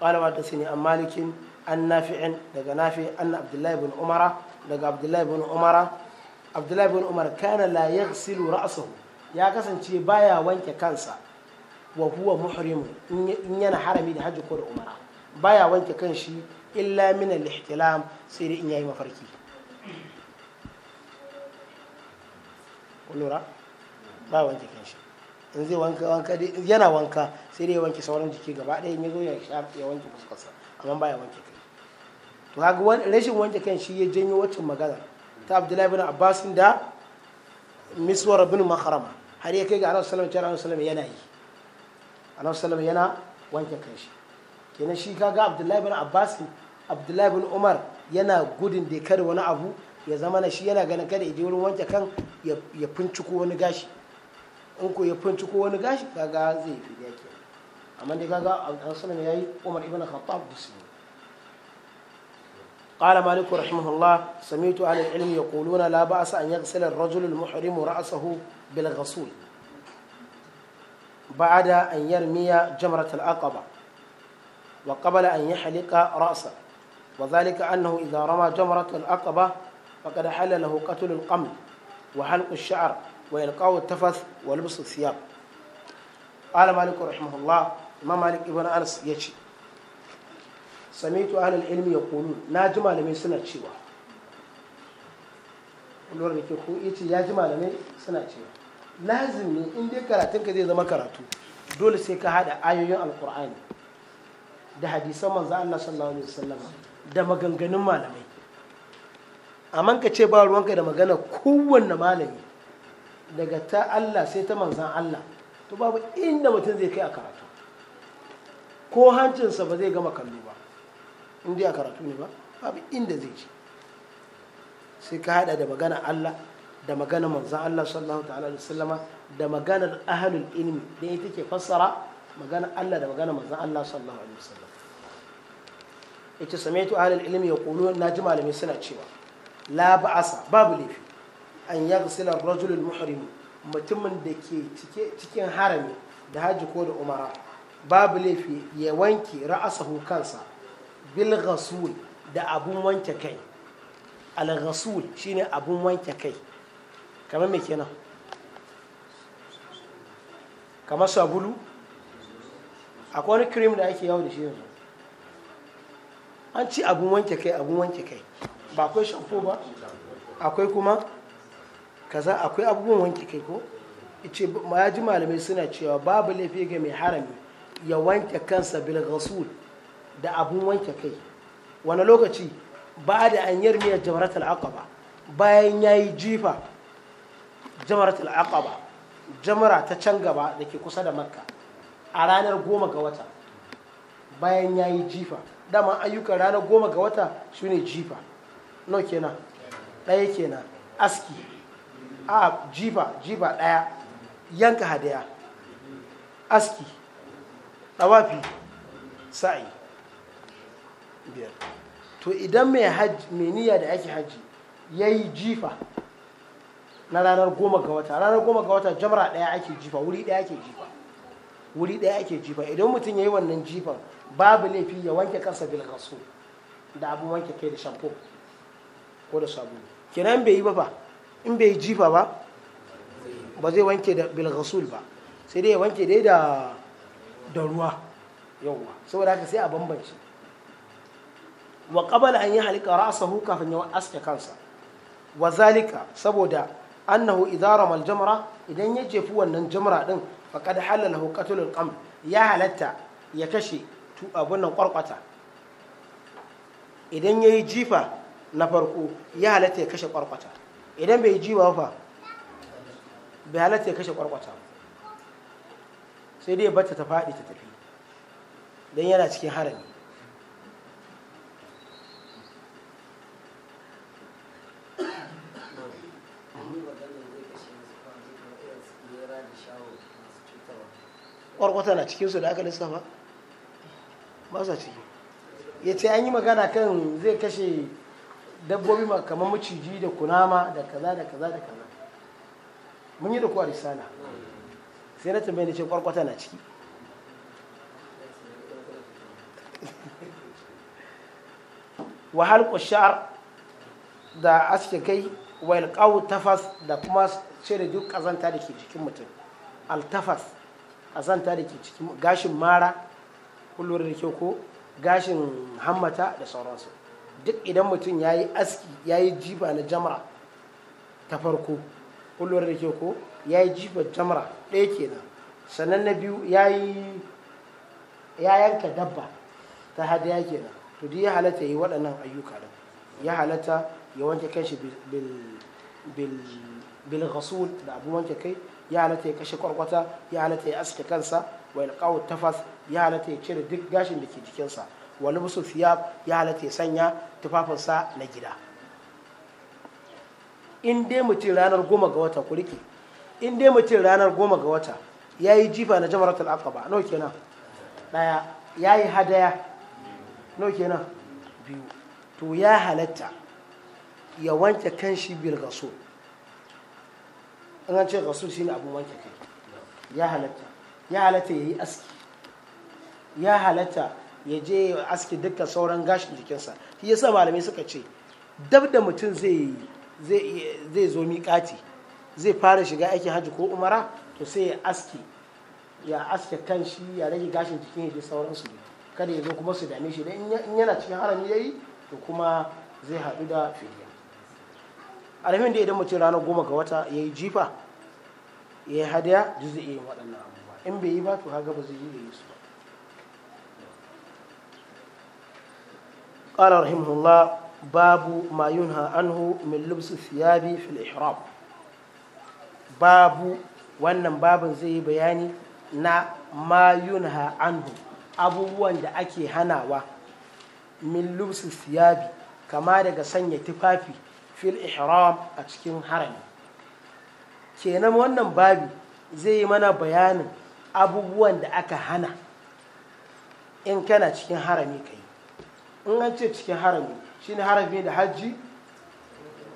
قال وحدثني عن مالك عن نافع لقى نافع أن عبد الله بن عمر لقى عبد الله بن عمر عبد الله بن عمر كان لا يغسل رأسه يا كسن شي بايا وانك كانسا وهو محرم إن ينا حرمي لحج كور عمر بايا وانك كانشي إلا من الاحتلام سيري إن يأي مفركي قل ba wanke kanshi in zai wanka wanka yana wanka sai dai ya wanke sauran jiki gaba ɗaya in ya zo ya wanke fuskarsa amma ya wanke kai to haka rashin wanke kan shi ya janyo wancan magana ta abdullahi bin abbas da miswar bin makarama har ya kai ga annabi sallallahu alaihi wasallam yana yi annabi sallallahu yana wanke kan shi kenan shi kaga abdullahi bin abbas abdullahi bin umar yana gudun da kada wani abu ya zama na shi yana ganin kada ya je wurin wanke kan ya finciko wani gashi in ko ya finciko wani gashi kaga zai fi yaki amma da kaga an sanar yayi Umar ibn قال مالك رحمه الله سمعت عن العلم يقولون لا بأس أن يغسل الرجل المحرم رأسه بالغسول بعد أن يرمي جمرة العقبة وقبل أن يحلق رأسه وذلك أنه إذا رمى جمرة العقبة فقد حل له قتل القمل وحلق الشعر وإلقاء التفث ولبس الثياب قال مالك رحمه الله imam malik ibn anas ya ce samitu ahlul ilmi ya kulu na ji malamai suna cewa lura da ke ko ce ya ji malamai suna cewa lazim ne in dai karatun ka zai zama karatu dole sai ka hada ayoyin alkur'ani da hadisan manzo Allah sallallahu alaihi wasallam da maganganun malamai amma ka ce ba ruwanka da magana kowanne malami daga ta Allah sai ta manzan Allah to babu inda mutum zai kai a karatu ko hancinsa ba zai gama kallo ba inda ya karatu ne ba babu inda zai ci sai ka haɗa da magana Allah da magana manzan Allah sallallahu ta'ala alaihi wasallama da maganar ahlul ilmi da ita ke fassara magana Allah da magana manzan Allah sallallahu alaihi wasallam ilmi malamai suna cewa la ba'asa babu laifi an yaghsila mutumin da ke cikin harami da haji ko da umara babu laifi ya wanke ra'asahu kansa bil ghasul da abun wanke kai al ghasul shine abun wanke kai kamar me kenan kamar sabulu akwai wani cream da ake yawo da shi yanzu an ci abun wanke kai abun wanke kai ba akwai shampo ba akwai kuma kaza akwai abubuwan wanke kai ko ice ma ya ji malamai suna cewa babu laifi ga mai harami ya wanke kansa bil ghasul da abun wanke kai wani lokaci ba da an yarmiya jamaratul ba bayan ya yi jifa jamaratul ba jamara ta can gaba da ke kusa da makka a ranar goma ga wata bayan ya yi jifa dama ayyukan ranar goma ga wata su ne jifa no kenan ɗaya kenan aski a jifa jifa ɗaya yanka hadaya aski tawafi sa'i biyar to idan mai hajji mai niyya da ake hajji ya yi jifa na ranar goma ga wata ranar goma ga wata jamra ɗaya ake jifa wuri ɗaya ake jifa wuri ɗaya ake jifa idan mutum ya yi wannan jifan babu laifi ya wanke kansa bil da abin wanke kai da shampo ko da sabulu kiran bai yi ba ba in bai yi jifa ba ba zai wanke da bil ba sai dai ya wanke dai da da ruwa yawwa saboda haka sai a bambance wa qabala an yi halika ra'sahu kafin ya aske kansa wa zalika saboda annahu idza ramal jamra idan ya jefu wannan jamra din faqad halalahu qatlul qam ya halatta ya kashe tu abun nan kwarkwata idan yayi jifa na farko ya halatta ya kashe kwarkwata idan bai jifa fa bai halatta ya kashe kwarkwata sai dai bata ta faɗi ta tafi don yana cikin harami ƙwarƙwata na cikinsu da aka lissafa ba sa ciki ya ce an yi magana kan zai kashe dabbobi kamar maciji da kunama da kaza da kaza da kaza mun yi da kuwa risala sai na tambaye ce kwarkwata na ciki wa halqu da aske kai wa ilqau tafas da kuma cire duk kazanta da ke cikin mutum al tafas kazanta da ke cikin gashin mara kullum da kyau ko gashin hammata da sauransu duk idan mutum ya yi aski ya yi jiba na jamra ta farko kullum da kyau ko ya yi jifar jamra ɗaya kenan sannan na biyu ya yi ya yanka dabba ta hadiya kenan to duk ya halatta yi waɗannan ayyuka da ya halatta ya wanke shi bil rasul da abu wanke kai ya halatta ya kashe kwarkwata ya halatta ya aske kansa wa ilqaw tafas ya halatta ya cire duk gashin da ke jikinsa wa musu thiyab ya halatta ya sanya tufafinsa na gida in dai mutum ranar goma ga wata kurki in dai mutum ranar goma ga wata ya yi jifa na jamaratul ba nawa kenan daya ya yi hadaya nawa kenan biyu to ya halatta ya wanke kan shi bil gaso an ce shi ne abin wanke kai ya halatta ya halatta ya yi aski ya halatta ya je aski dukkan sauran gashin jikinsa shi yasa malamai suka ce dab da mutum zai zo miƙati zai fara shiga aikin hajji ko umara to sai ya aske ya aske kan shi ya rage gashin jikin ya sauransu kada ya zo kuma su dame shi in yana cikin harami yi to kuma zai haɗu da fidiya alhamin da idan mutum ranar goma ga wata ya yi jifa ya yi hadaya duk iya yin waɗannan abubuwa in bai yi ba to haga ba zai yi su ba قال رحمه الله باب ما ينهى عنه من لبس الثياب في babu wannan babin zai yi bayani na mayun yunha anhu abubuwan da ake hanawa min lubsi siyabi kama daga sanya tufafi fil ihram a cikin harami kenan wannan babi zai yi mana bayanin abubuwan da aka hana in kana cikin harami ka yi. in an ce cikin harami shine harami da hajji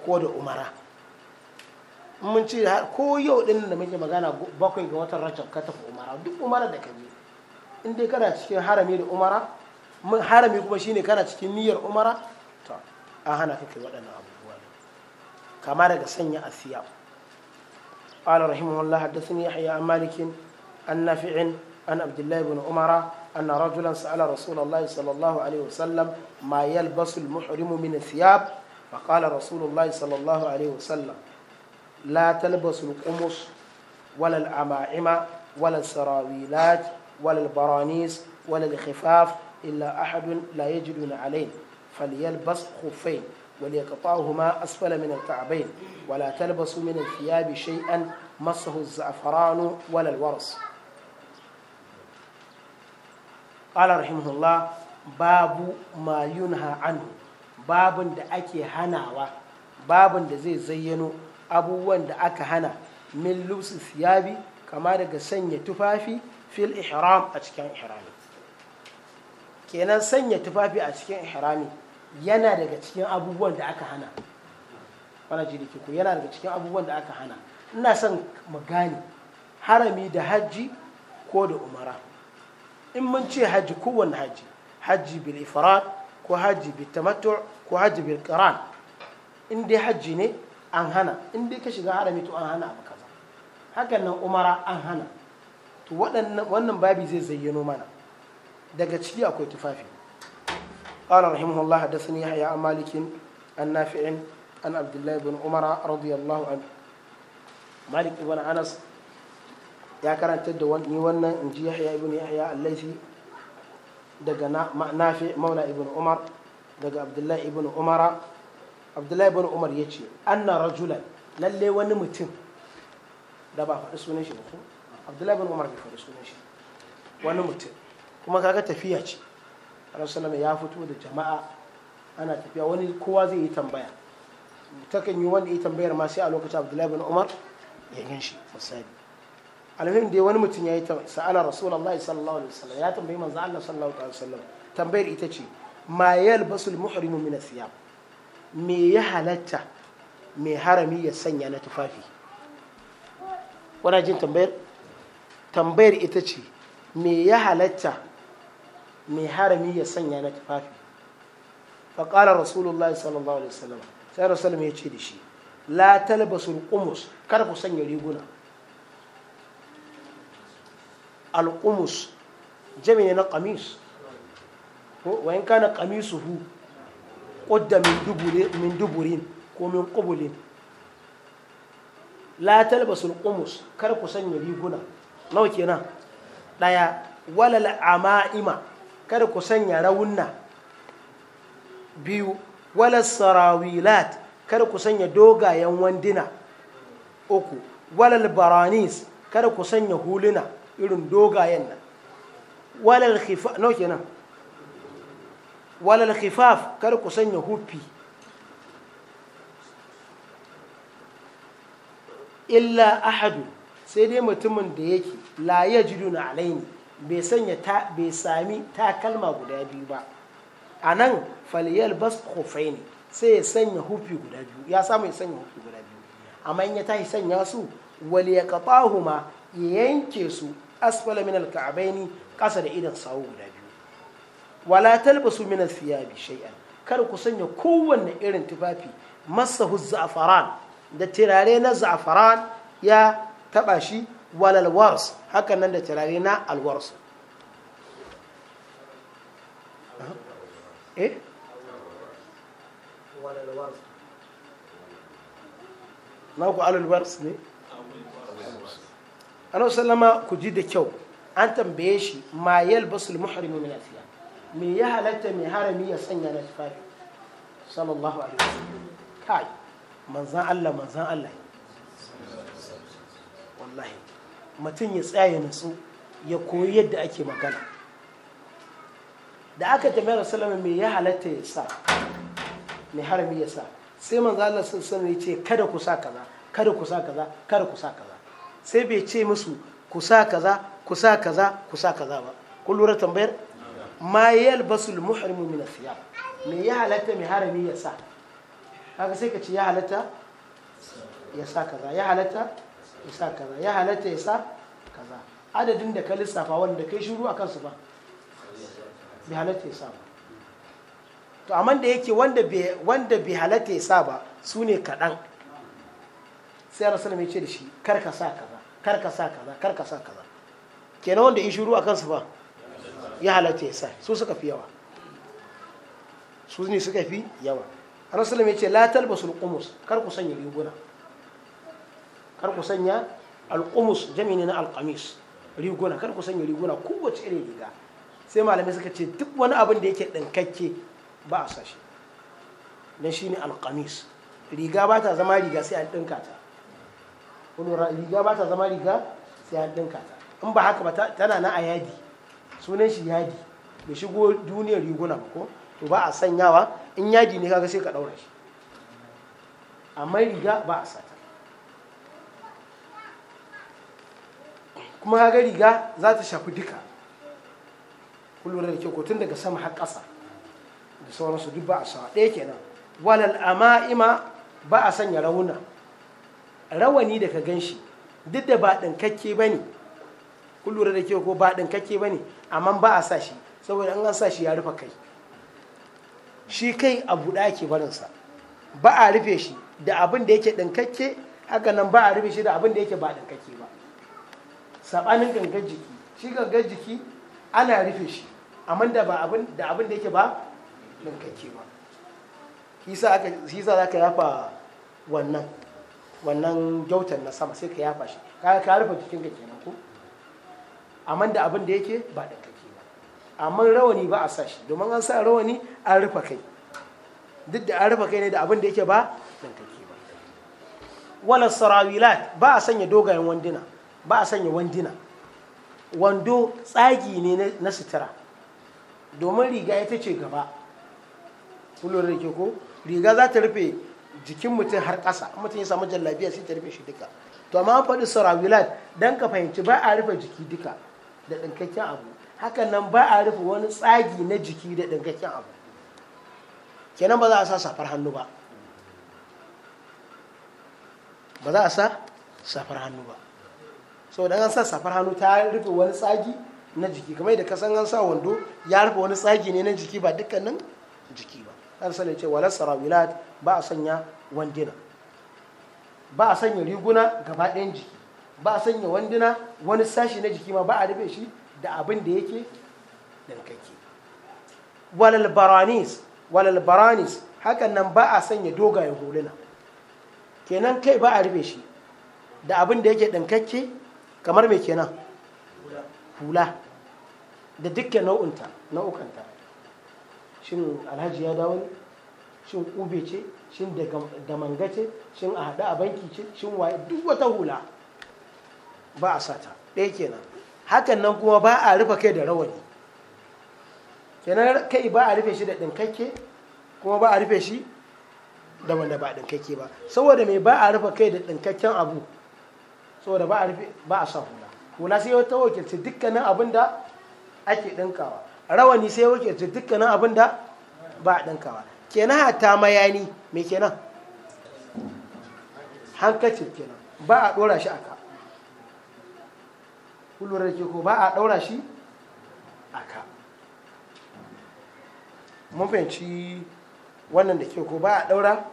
ko da umara mun ce ko yau din da muke magana bakwai ga watan rajab ka tafi umara duk umara da ka je in dai kana cikin harami da umara mun harami kuma shine kana cikin niyyar umara to a hana kai waɗannan abubuwa kama daga sanya asiya قال رحمه الله حدثني يحيى عن مالك عن نافع عن عبد الله بن عمر أن رجلا سأل رسول الله صلى الله عليه وسلم ما يلبس المحرم من الثياب فقال رسول الله صلى الله عليه وسلم la talbasul qumus walal ama'ima walal sarawilat walal baranis walal khifaf illa ahadun la yajiduna alain falyalbas khuffain وليقطعهما أسفل من الكعبين ولا تلبسوا من الثياب شيئا مسه الزعفران ولا الورص قال رحمه الله باب ما ينهى عنه باب da ake hanawa babin da zai zayyano abubuwan da aka hana min lusu siyabi kama daga sanya tufafi fil ihram a cikin ihrami kenan sanya tufafi a cikin ihrami yana daga cikin abubuwan da aka hana wani ji ku yana daga cikin abubuwan da aka hana ina son mu harami da hajji ko da umara in mun ce hajji kowane hajji hajji bil ifrat ko hajji bil tamattu ko hajji bil qiran in dai hajji ne an hana in dai ka shiga harami to an hana abu kaza hakan nan umara an hana to wannan babi zai zayyano mana daga ciki akwai tufafi قال رحمه الله حدثني يحيى عن مالك عن نافع عن عبد الله بن عمر رضي الله عنه مالك بن انس يا كرنت da ni wannan in ji yahya ibn yahya al-laisi daga nafi maula ibn umar daga abdullahi ibn umara abdullahi bin umar ya ce anna rajulan lalle wani mutum da ba faɗi sunan shi ko abdullahi bin umar bai faɗi sunan shi wani mutum kuma kaga tafiya ce rasulullah ya fito da jama'a ana tafiya wani kowa zai yi tambaya takan yi wanda yi tambayar ma sai a lokacin abdullahi bin umar ya gan shi misali alhamdulillah dai wani mutum ya yi sa'ala rasulullahi sallallahu alaihi wasallam ya tambayi manzo Allah sallallahu alaihi wasallam tambayar ita ce ma yalbasul muhrimu min asiyab me ya halatta mai harami ya sanya na tufafi wana jin tambayar tambayar ita ce me ya halatta mai harami ya sanya na tufafi faƙalar rasulullahi sallallahu alaihi wasallam sai rasulun ya ce da shi la talbasul qumus kar ku sanya riguna al qumus jami'i na qamis ko wa in kana qamisuhu qudda min duburin ko min qubulin la sul kumus kar ku sanya riguna nawa kenan daya walal ama'ima kar ku sanya rawunna biyu walal sarawilat kar ku sanya dogayen wandina uku walal baranis kar ku sanya huluna irin dogayen nan walal khifa nawa kenan walal khifaf kar ku sanya hufi illa ahadu sai dai mutumin da yake la yajiduna alaini bai sanya bai sami takalma guda biyu ba a nan faliyal bas ne sai ya sanya hufi guda biyu ya samu ya sanya hufi guda biyu amma in ya tashi sanya su wal ya ma ya yanke su asfala min al ka'abaini kasa da idan sawu guda biyu wala talbasu min athiyabi shay'an kar ku sanya kowanne irin tufafi masahu za'faran da tirare na za'faran ya taba shi walal wars hakan nan da tirare na alwars eh na ku alwars ne ana sallama ku ji da kyau an tambaye shi ma yalbasul muhrimu min athiyabi me ya halatta mai harami ya sanya na tufafi sallallahu alaihi wasallam kai manzan Allah manzan Allah wallahi mutum ya tsaya nasu ya koyi yadda ake magana da aka tambayar rasulullahi me ya halatta ya sa me harami ya sa sai manzan Allah sallallahu alaihi ya ce kada ku sa kaza kada ku sa kaza kada ku sa kaza sai bai ce musu ku sa kaza ku sa kaza ku sa kaza ba kun lura tambayar ma yalbasul muhrimu min athiyab me ya halatta mai harami ya sa haka sai ka ce ya halatta ya sa kaza ya halatta ya sa kaza ya halatta ya sa kaza adadin da ka lissafa wanda kai shiru a kansu ba bai halatta ya sa ba to amma da yake wanda bai halatta ya sa ba su ne kaɗan sai rasulun ya ce da shi kar ka sa kaza kar ka sa kaza kar ka sa kaza kenan wanda in shiru a kansu ba ya halatta ya sa su suka fi yawa su ne suka fi yawa rasulun ya ce la talbasul qumus kar ku sanya riguna kar ku sanya alqumus jami'in na alqamis riguna kar ku sanya riguna kowace irin riga sai malamai suka ce duk wani abin da yake dinkakke ba a sashi dan shine alqamis riga ba ta zama riga sai an dinka ta riga ba ta zama riga sai an dinka ta in ba haka ba tana na a yadi sunan shi yadi bai shigo duniyar riguna ba ko to ba a sanyawa in yadi ne kaga sai ka daura shi amma riga ba a sata kuma kaga riga za ta shafi duka kullum da ke tun daga sama har ƙasa da sauransu duk ba a sawa ɗaya kenan walal ama'ima ba a sanya rauna rawani da ka gan shi duk da ba ɗinkakke ba ne kun lura da ke ko ba ɗin kake ba ne amma ba a sa shi saboda an an sa shi ya rufe kai shi kai abu ɗaya ke barinsa ba a rufe shi da abin da yake ɗinkakke haka nan ba a rufe shi da abin da yake ba ɗinkakke ba saɓanin gangar jiki shi gangar jiki ana rufe shi amma da ba abin da abin da yake ba ɗinkakke ba hisa aka hisa zaka yafa wannan wannan gyautar na sama sai ka yafa shi ka rufe jikinka kenan ko amma da abin da yake ba da kake ba amma rawani ba a sa shi domin an sa rawani an rufa kai duk da an rufa kai ne da abin da yake ba da kake ba wala sarawilat ba a sanya dogayen wandina ba a sanya wandina wando tsagi ne na sutura domin riga ita ce gaba kullum da ke ko riga za ta rufe jikin mutum har ƙasa mutum ya samu jallabiya sai ta rufe shi duka to amma an faɗi sarawilat don ka fahimci ba a rufe jiki duka da ɗinkakken abu hakan nan ba a rufe wani tsagi na jiki da ɗinkakken abu kenan ba za a sa safar hannu ba ba za a sa safar hannu ba so da an sa safar hannu ta rufe wani tsagi na jiki kamar da kasan an sa wando ya rufe wani tsagi ne na jiki ba dukkanin jiki ba an sani ce walar sarawilat ba a sanya wandina ba a sanya riguna gaba ɗayan jiki ba a sanya wanduna wani sashi na jiki ma ba a rufe shi da abin da yake dankake walal baranis walal baranis hakan nan ba a sanya dogayen huluna kenan kai ba a rufe shi da abin da yake dankakke kamar mai kenan hula da dukkan nau'unta nau'ukanta shin alhaji ya dawo ne shin kube ce shin da mangace shin a a banki ce shin waye duk wata hula ba a sata ɗaya kenan hakan nan kuma ba a rufe kai da rawani kenan kai ba a rufe shi da ɗinkakke kuma ba a rufe shi da wanda ba ɗinkakke ba saboda mai ba a rufe kai da ɗinkakken abu saboda ba a rufe ba a sa hula hula sai wata wakilci dukkanin abin da ake ɗinkawa rawani sai wakilci dukkanin abin da ba a ɗinkawa kenan hata mayani mai kenan hankacin kenan ba a ɗora shi a kullum da ke ko ba a ɗaura shi a ka mafiyanci fahimci wannan da ke ko ba a ɗaura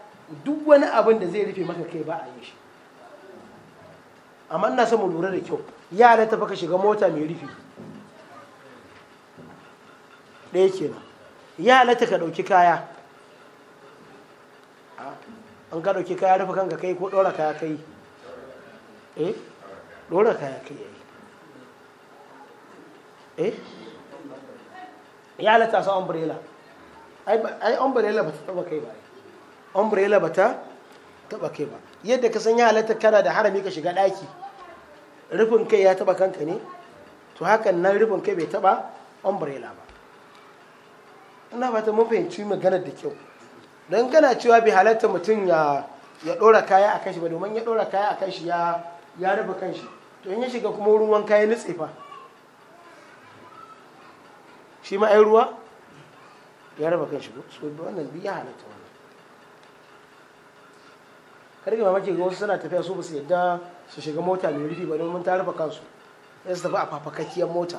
duk wani abin da zai rufe maka kai ba a yi shi amma ina samun lura da kyau yara ta faka shiga mota mai rufi ɗaya nan ya ta ka ɗauki kaya an ka ɗauki kaya rufe kanka kai ko ɗora kaya kai eh ɗora kaya kai eh ya halatta sa umbrella ai umbrella ba ta taba kai ba umbrella ba ta taba kai ba yadda ka san ya halatta kana da harami ka shiga daki rufin kai ya taba kanka ne to hakan nan rufin kai bai taba umbrella ba ina fata mun fahimci maganar da kyau don kana cewa bai halatta mutum ya ya dora kaya a kanshi ba domin ya dora kaya a kanshi ya ya rufe kanshi to in ya shiga kuma ruwan ya nutse fa shi ma ai ruwa ya raba kan shi so wannan bi ya halatta wannan kar ga mamaki ga wasu suna tafiya su basu su yadda su shiga mota mai rufi ba domin ta rufe kansu sai su tafi a fafakakkiyar mota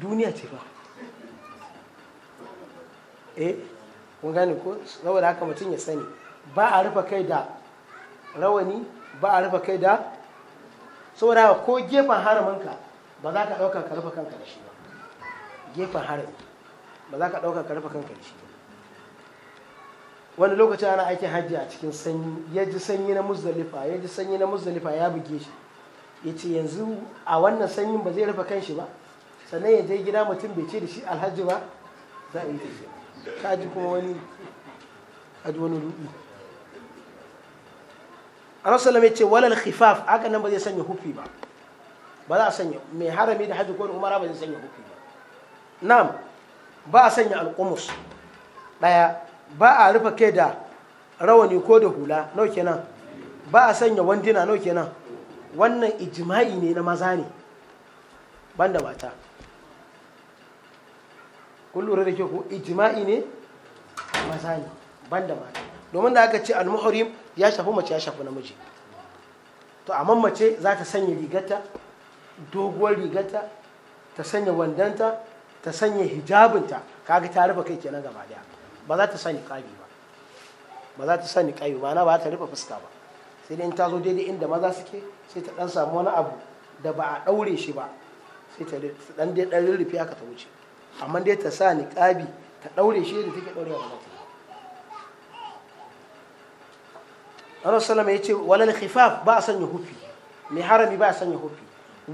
duniya ce ba eh kun gane ko saboda haka mutum ya sani ba a rufe kai da rawani ba a rufe kai da saboda ko gefen haramanka ba za ka ɗauka ka rufe kanka da shi ba gefen harin ba za ka ɗauka ka rufe kanka da shi wani lokaci ana aikin hajji a cikin sanyi ya ji sanyi na muzdalifa ya ji sanyi na muzdalifa ya buge shi ya ce yanzu a wannan sanyin ba zai rufe kan shi ba sannan ya je gida mutum bai ce da shi alhaji ba za a yi tafiya ka ji kuma wani aji wani ruɗi a rasu ya ce walal khifaf haka nan ba zai sanya hufi ba ba za a sanya mai harami da hajji ko umara ba zai sanya hukumi ba nam ba a sanya alqumus daya ba a rufe kai da rawani ko da hula nau kenan ba a sanya wandina nau kenan wannan ijma'i ne na maza ne banda mata kun lura da ke ko ijma'i ne maza ne banda mata domin da aka ce al ya shafi mace ya shafi namiji to amma mace za ta sanya rigarta doguwar rigarta ta sanya wandanta ta sanya hijabinta kaga ta rufe kai kenan gaba daya ba za ta sani kabi ba ba za ta sani kabi ba na ba ta rufe fuska ba sai dai in ta zo daidai inda maza suke sai ta dan samu wani abu da ba a daure shi ba sai ta dan dai dan rufe haka ta wuce amma dai ta sa niqabi ta daure shi da take daure ba ta Allah sallama yace ce walal khifaf ba a sanya hufi mai harami ba a sanya hufi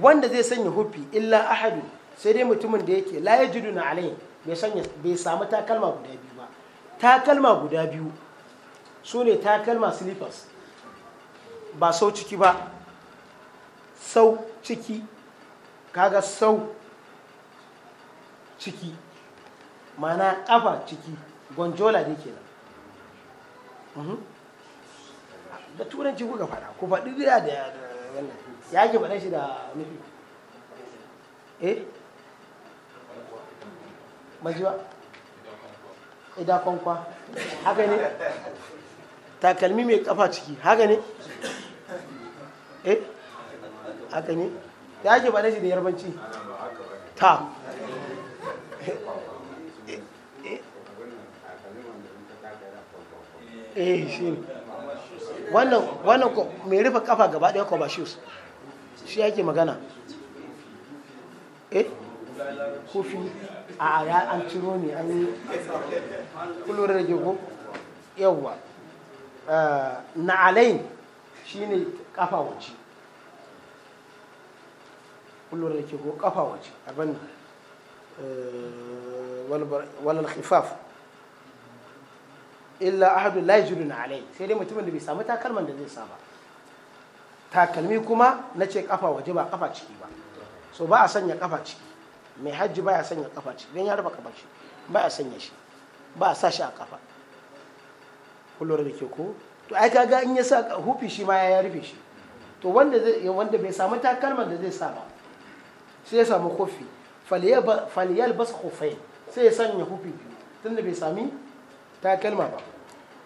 wanda zai sanya hufi illa ahadu sai dai mutumin da yake la yajidu na alai bai sanya bai samu takalma guda biyu ba takalma guda biyu su ne takalma slippers ba sau ciki ba sau ciki kaga sau ciki mana kafa ciki gonjola dai kenan mhm. da turanci kuka fara ku faɗi da wannan ya ake faɗin shi da nufi eh majiwa idan kwankwa haka ne takalmi mai kafa ciki haka ne eh haka ne ya ake faɗin shi da yarbanci ta eh shi wannan wannan mai rufe kafa gaba ɗaya ko ba shoes shi yake magana eh kofi a ya an ciro ne an yi kullum da ke ko yawwa eh, na alain shi ne kafa wace kullum da ke ko kafa wace abin eh, walal khifaf illa ahadu la yajidu na alain sai dai mutumin da bai samu takalman da zai sa ba takalmi kuma na ce kafa waje ba kafa ciki ba so ba a sanya kafa ciki mai hajji ba ya sanya kafa ciki don ya rufe kafa shi ba a sanya shi ba a sa shi a kafa kullum da ke ko to ai kaga in ya sa hufi shi ma ya rufe shi to wanda wanda bai samu takalman da zai sa ba sai ya samu kofi faliyal bas kofai sai ya sanya hufi biyu tunda bai sami takalma ba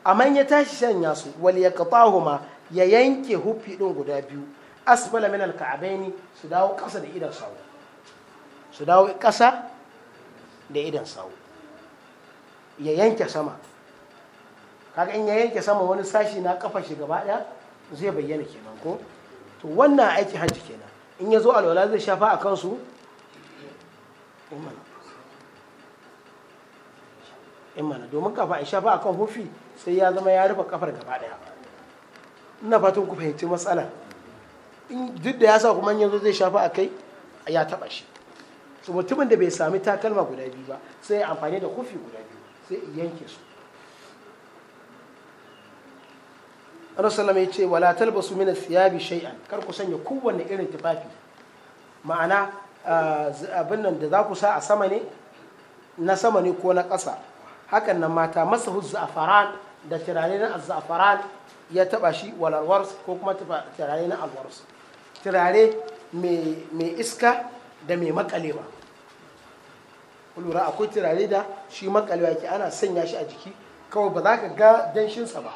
amma ya tashi sanya su wal yaqtahuma ya yanke hufi ɗin guda biyu asbala min alka'abaini su dawo ƙasa da idan sawu su dawo ƙasa da idan sawu ya yanke sama kaga in ya yanke sama wani sashi na ƙafa shi gaba ɗaya zai bayyana kenan ko to wannan aiki hajji kenan in ya zo alwala zai shafa a kansu imana domin kafa a shafa a kan hufi sai ya zama ya rufe kafar gaba ɗaya ina fatan ku fahimci matsala duk da ya sa kuma yanzu zai shafa a kai ya taɓa shi su mutumin da bai sami takalma guda biyu ba sai ya amfani da kufi guda biyu sai yanke su Rasulullah ya ce wala talbasu siya siyabi shay'an kar ku sanya kowanne irin tufafi ma'ana abin nan da za ku sa a sama ne na sama ne ko na ƙasa hakan nan mata masa a faran da tirani na azzafaran ya taba shi walarwars ko kuma tirani na alwars tirare mai iska da mai makalewa lura akwai turare da shi makalewa yake ana sanya shi a jiki kawai ba za ka ga danshinsa ba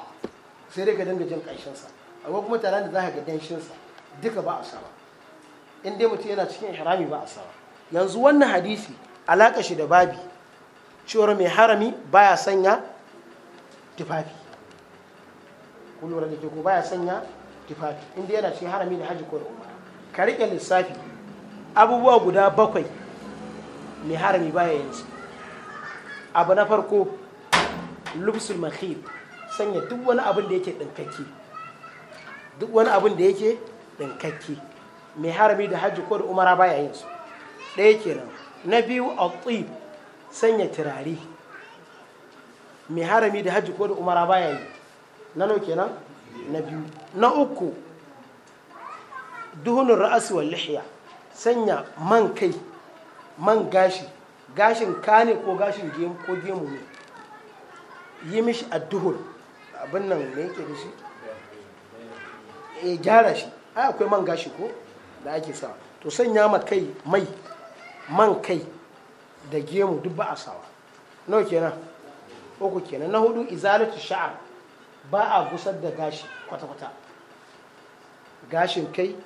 sai dai ka dinga jin ƙanshinsa akwai kuma tirani da za ka ga danshinsa duka ba a saba in dai mutum yana cikin harami ba a saba yanzu wannan hadisi alaƙa shi da babi cewar mai harami baya sanya tufafi ku lura da teku baya sanya tufafi inda yana ce harami da hajji kwaro ka riƙe lissafi abubuwa guda bakwai mai harami baya yanzu abu na farko lubsul makhir sanya duk wani abin da yake ɗinkakke duk wani abin da yake ɗinkakke mai harami da hajji kwaro umara baya yanzu ɗaya kenan na biyu a sanya turare mai harami da hajji ko da umara baya yi na nau kenan na biyu na uku duhunin ra'asu wa lihiya sanya man kai man gashi gashin kane ko gashin ko gemu ne yi mishi a abin nan ne yake da shi e gyara shi ai akwai man gashi ko da ake sawa to sanya ma kai mai man kai da gemu duk ba a sawa nawa kenan uku kenan na hudu izalatu sha'ar ba a gusar da gashi kwata-kwata gashin kai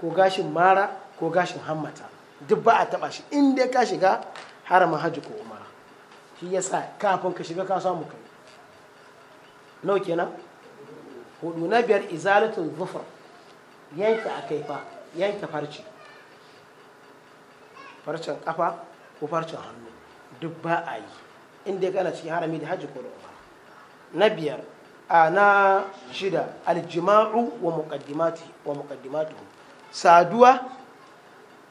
ko gashin mara ko gashin hammata duk ba a taba shi inda dai ka shiga haramahaji hajji ko umara shi yasa kafin ka shiga ka samu kai nau kenan hudu na biyar izalatun zufar yanke a kai fa yanke farce farcen kafa ko farcen hannu duk ba a yi in dai kana cikin harami da hajji ko da na biyar a na shida aljima'u wa muqaddimati wa saduwa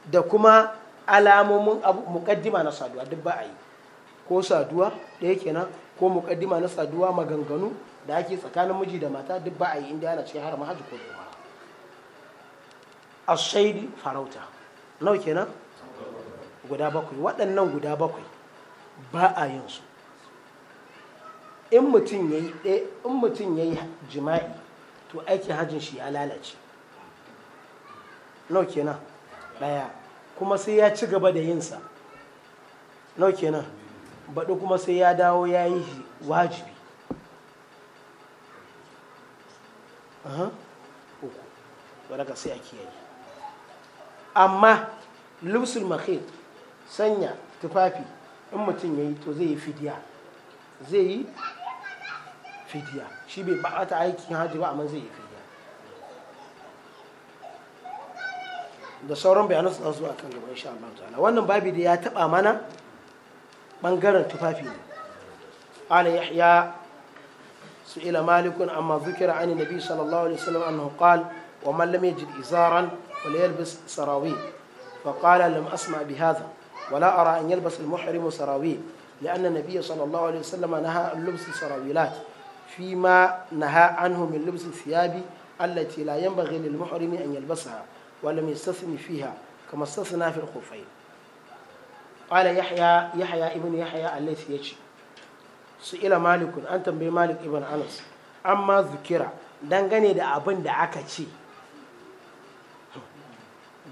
da kuma alamomin muqaddima na saduwa duk ba a yi ko saduwa ɗaya kenan ko muqaddima na saduwa maganganu da ake tsakanin miji da mata duk ba a yi inda ana cikin haramin hajji ko da umara ashaidi farauta nau kenan guda bakwai waɗannan guda bakwai ba a yin su in mutum ya yi eh, in mutum ya yi jima'i to aikin hajjin shi ya lalace nau kenan ɗaya kuma sai ya ci gaba da yinsa nau kenan baɗi kuma sai ya dawo ya yi wajibi uku sai a kiyaye amma lusul makhir sanya tufafi in mutum ya yi to zai yi fidiya zai yi fidiya shi bai ba ta aikin haji ba amma zai yi fidiya da sauran bayanan su zuwa kan gaba insha Allah ta'ala wannan babi da ya taba mana bangaren tufafi ne ala yahya su'ila malikun amma zukira an nabi sallallahu alaihi wasallam annahu qala wa man lam yajid izaran wa la yalbis sarawi fa qala lam asma bi hadha ولا أرى أن يلبس المحرم سراويل لأن النبي صلى الله عليه وسلم نهى عن لبس السراويلات فيما نهى عنه من لبس الثياب التي لا ينبغي للمحرم أن يلبسها ولم يستثن فيها كما استثنى في الخفين قال يحيى يحيى ابن يحيى الذي يجي سئل مالك أن تنبي مالك ابن أنس أما ذكر dangane da abin da aka ce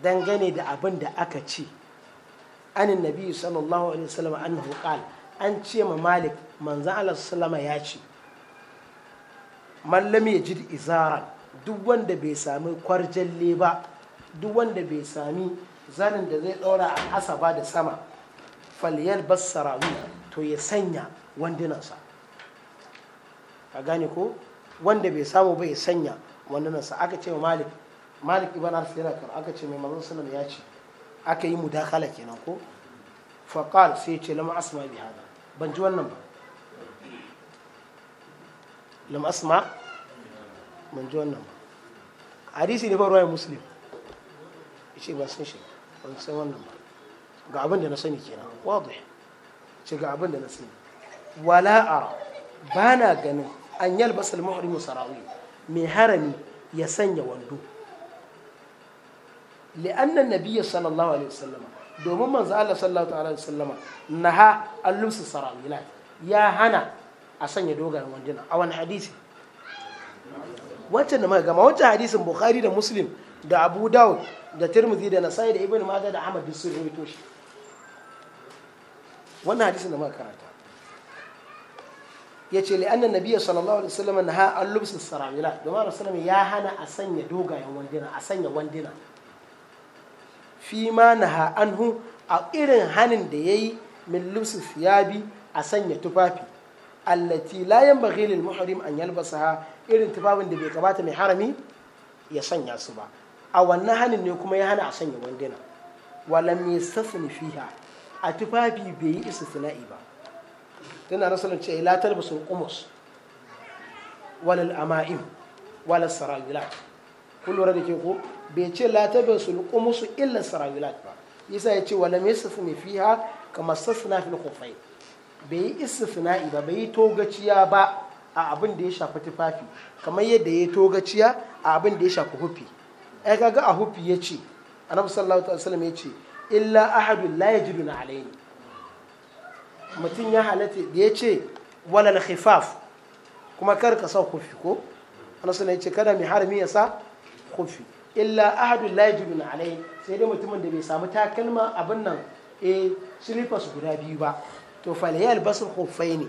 dangane da abin da aka ce anin nabi sallallahu alaihi wasallam annahu qal an ce ma malik manzo Allah sallama ya ce mallam ya jid izaran duk wanda bai sami kwarjalle ba duk wanda bai sami zanin da zai daura a ƙasa ba da sama faliyar basarawi to ya sanya wandunansa a gane ko wanda bai samu ba ya sanya wandunansa aka ce wa malik malik ibn arsi yana kar aka ce mai mazan sunan ya ce aka yi mudakala kenan ko faqal sai ya ce lama asma bi hada ban ji wannan ba lam asma mun ji wannan ba hadisi ne faruwa ya muslim ce ba sun shi ba san wannan ba ga abin da na sani kenan wadu ce ga abin da na sani wala'a ba na ganin an yalbasa al-muhrimu sarawi mai harami ya sanya wando li'annan nabiyyu sallallahu alaihi wasallama domin manzo Allah sallallahu ya hana a sanya dogayen wanduna a wani hadisi wancan da muka gama wancan hadisin bukhari da muslim da abu daud da tirmidhi da nasai da ibn majah da ahmad bin sirri to shi wannan hadisin da muka karanta yace li anna nabiyya sallallahu alaihi wasallam ha an lubsa sarawila domin rasulullahi ya hana a sanya dogayen wanduna a sanya wanduna fi ma na naha anhu a irin hanin da ya yi min lubsa thiyabi a sanya tufafi allati la yanbaghi lil muhrim an yalbasaha irin tufafin da bai kamata mai harami ya sanya su ba a wannan hanin ne kuma ya hana a sanya wanduna walam yastasni fiha a tufafi bai yi istisna'i ba tana rasulun ce la talbasul qumus walal ama'im wala sarawilat kun da ke ko bai ce la talbasul qumus illa sarawilat ba yasa ya ce wala walam yastasni fiha kama sasna fil khuffain bai yi istisna'i ba bai yi togaciya ba a abin da ya shafi tufafi kamar yadda ya yi togaciya a abin da ya shafi hufi ya gaga a hufi ya ce annabi sallallahu alaihi wasallam ya ce illa ahadun la na alayni mutum ya halatta da ya ce walal khifaf kuma kar ka sa hufi ko annabi sallallahu ya ce kada mai harami ya sa hufi illa ahadun la na alayni sai dai mutumin da bai samu takalma abin nan eh silifas guda biyu ba to falhiyar albasul hufai ne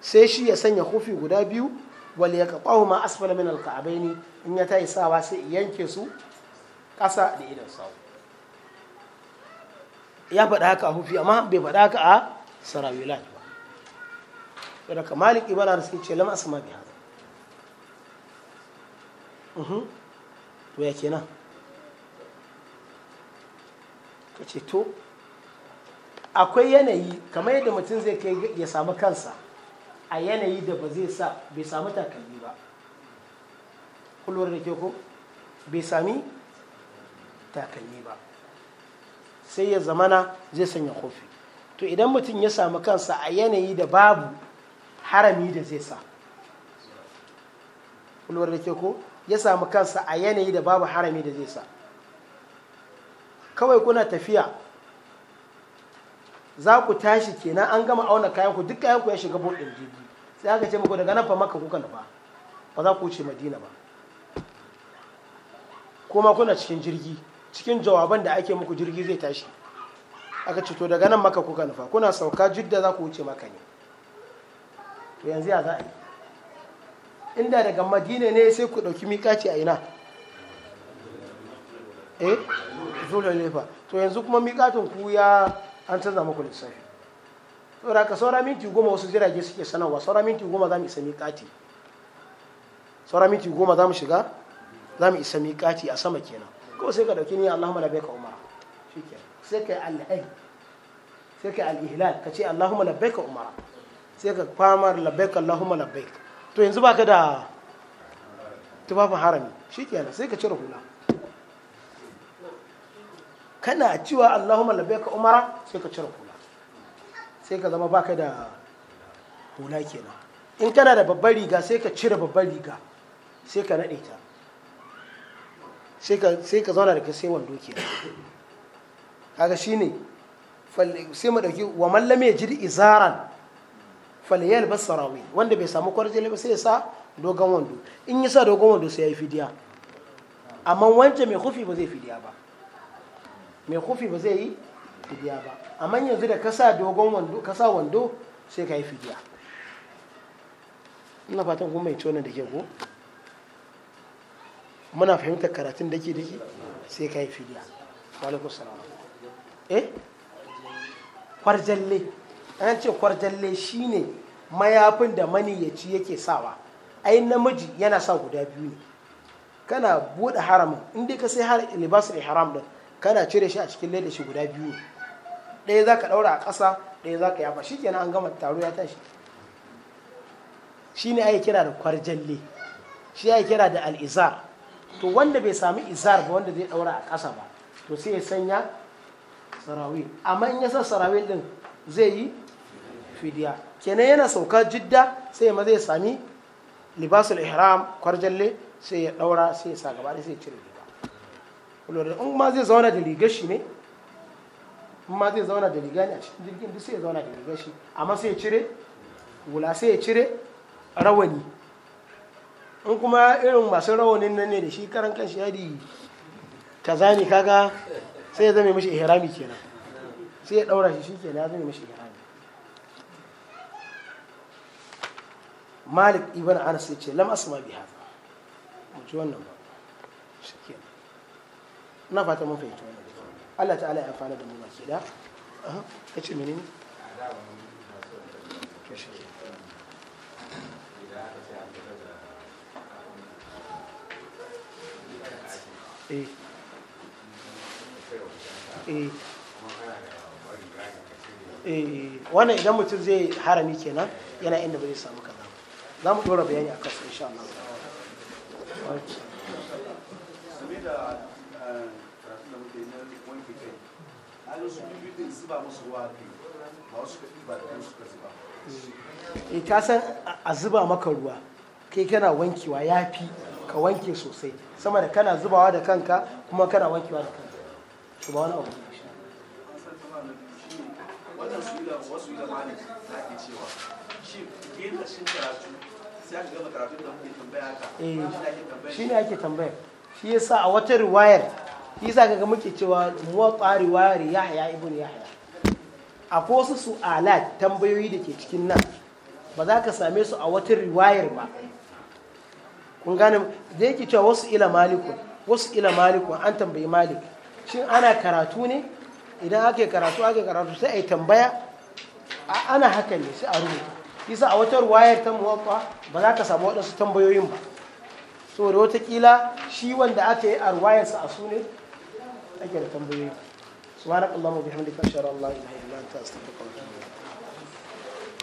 sai shi ya sanya hufi guda biyu wale ya kaɓahu ma asfala min alka'abai ne in ya tayi sawa sai yanke su ƙasa da idan sawu ya faɗa haka a hufi amma bai faɗa haka a lati ba ya daga malik da suke ce lam asma bi hada mhm. to ya kenan ka ce to akwai yanayi kamar yadda mutum zai kai ya samu kansa a yanayi da ba zai sa bai samu takalmi ba kullum da ke ku bai sami takalmi ba sai ya zamana zai sanya kofi to idan mutum ya samu kansa a yanayi da babu harami da zai sa kullum da ke ku ya samu kansa a yanayi da babu harami da zai sa kawai kuna tafiya za ku tashi kenan an gama auna kayan ku duk kayan ku ya shiga bodin jirgi sai aka ce muku daga nan fa maka kuka nufa ba za ku wuce madina ba kuma kuna cikin jirgi cikin jawaban da ake muku jirgi zai tashi aka ce to daga nan maka kuka nufa kuna sauka jidda za ku wuce maka ne to yanzu ya za a yi inda daga madina ne sai ku ɗauki miƙaci a ina eh zuwa lefa to yanzu kuma miƙatin ku ya an canza muku lissafi saboda ka saura minti goma wasu jirage suke sanarwa saura minti goma za mu isa miƙati saura minti goma za mu shiga za mu isa miƙati a sama kenan kawai sai ka dauki ni allahumma labbaika umara sai ka yi sai ka yi al'ihlal ka ce allahumma ka umara sai ka famar labbaika allahumma labbaika to yanzu baka da tufafin harami kenan sai ka cire hula kana cewa Allahumma labbaika umara sai ka cire hula sai ka zama baka da hula kenan in kana da babbar riga sai ka cire babbar riga sai ka nade ta sai ka zauna da ka sai wando kenan kaga shine sai mu dauki wa man lam yajid izaran falyalbas sarawin wanda bai samu kwarjele ba sai ya sa dogon wando in ya sa dogon wando sai ya yi fidiya amma wancan mai kufi ba zai fidiya ba mai kufi ba zai yi fidiya ba amma yanzu da kasa dogon wando kasa wando sai ka yi fidiya ina fatan kuma mai tona da ke ko muna fahimtar karatun da ke da ke sai ka yi fidiya walaikun salam eh kwarjalle an ce kwarjalle shine mayafin da maniyaci yake sawa ai namiji yana sa guda biyu ne kana buɗe haramun. inda ka sai har libasul ihram din kana cire shi a cikin leda shi guda biyu ɗaya za ka ɗaura a ƙasa ɗaya za ka yafa shi kenan an gama taro ya tashi shi ne ake kira da kwarjalle shi ake kira da al'izar to wanda bai sami izar ba wanda zai ɗaura a ƙasa ba to sai ya sanya sarawil amma in ya sa sarawil ɗin zai yi fidiya kenan yana sauka jidda sai ya zai ya sami libasul ihram kwarjalle sai ya ɗaura sai ya sa gaba sai ya cire riga in ma zai zauna da rigar shi ne in ma zai zauna da riga ne a cikin jirgin duk sai ya zauna da rigar shi amma sai ya cire wula sai ya cire rawani in kuma irin masu rawanin nan ne da shi karan kan shadi kaza ne kaga sai ya zame mashi ihrami kenan sai ya daura shi shi kenan ya zame mashi ihrami malik ibn anas ya ce lam asma bi hadha mu ji wannan ba shikenan na fata mun fahimci wannan Allah ta'ala ya fara da mu baki da ya ce mene ne eh. Eh. Eh, wannan idan mutum zai harami kenan yana inda ba zai samu kaza za mu dora bayani a kasu insha Allah. hannun eh, ka e san a zuba maka ruwa kai kana wankewa ya fi ka wanke sosai sama da kana zubawa da kanka kuma kana wankewa da kanka su ba wani abu wannan shi eh, shi ne ake tambaya shi yasa a wata riwayar shi sa kaga muke cewa muwatta riwayar yahya ibn yahya akwai wasu alat tambayoyi da ke cikin nan ba za ka same su a wata riwayar ba kun gane da yake cewa wasu ila malikun wasu ila maliku an tambayi malik shin ana karatu ne idan ake karatu ake karatu sai a yi tambaya ana haka ne sai a rubuta isa a wata ruwayar ta muwatta ba za ka samu waɗansu tambayoyin ba saboda watakila shi wanda aka yi a ruwayarsa a su ne أجل تنظيم سبحانك اللهم وبحمدك أشهد أن لا إله إلا أنت أستغفرك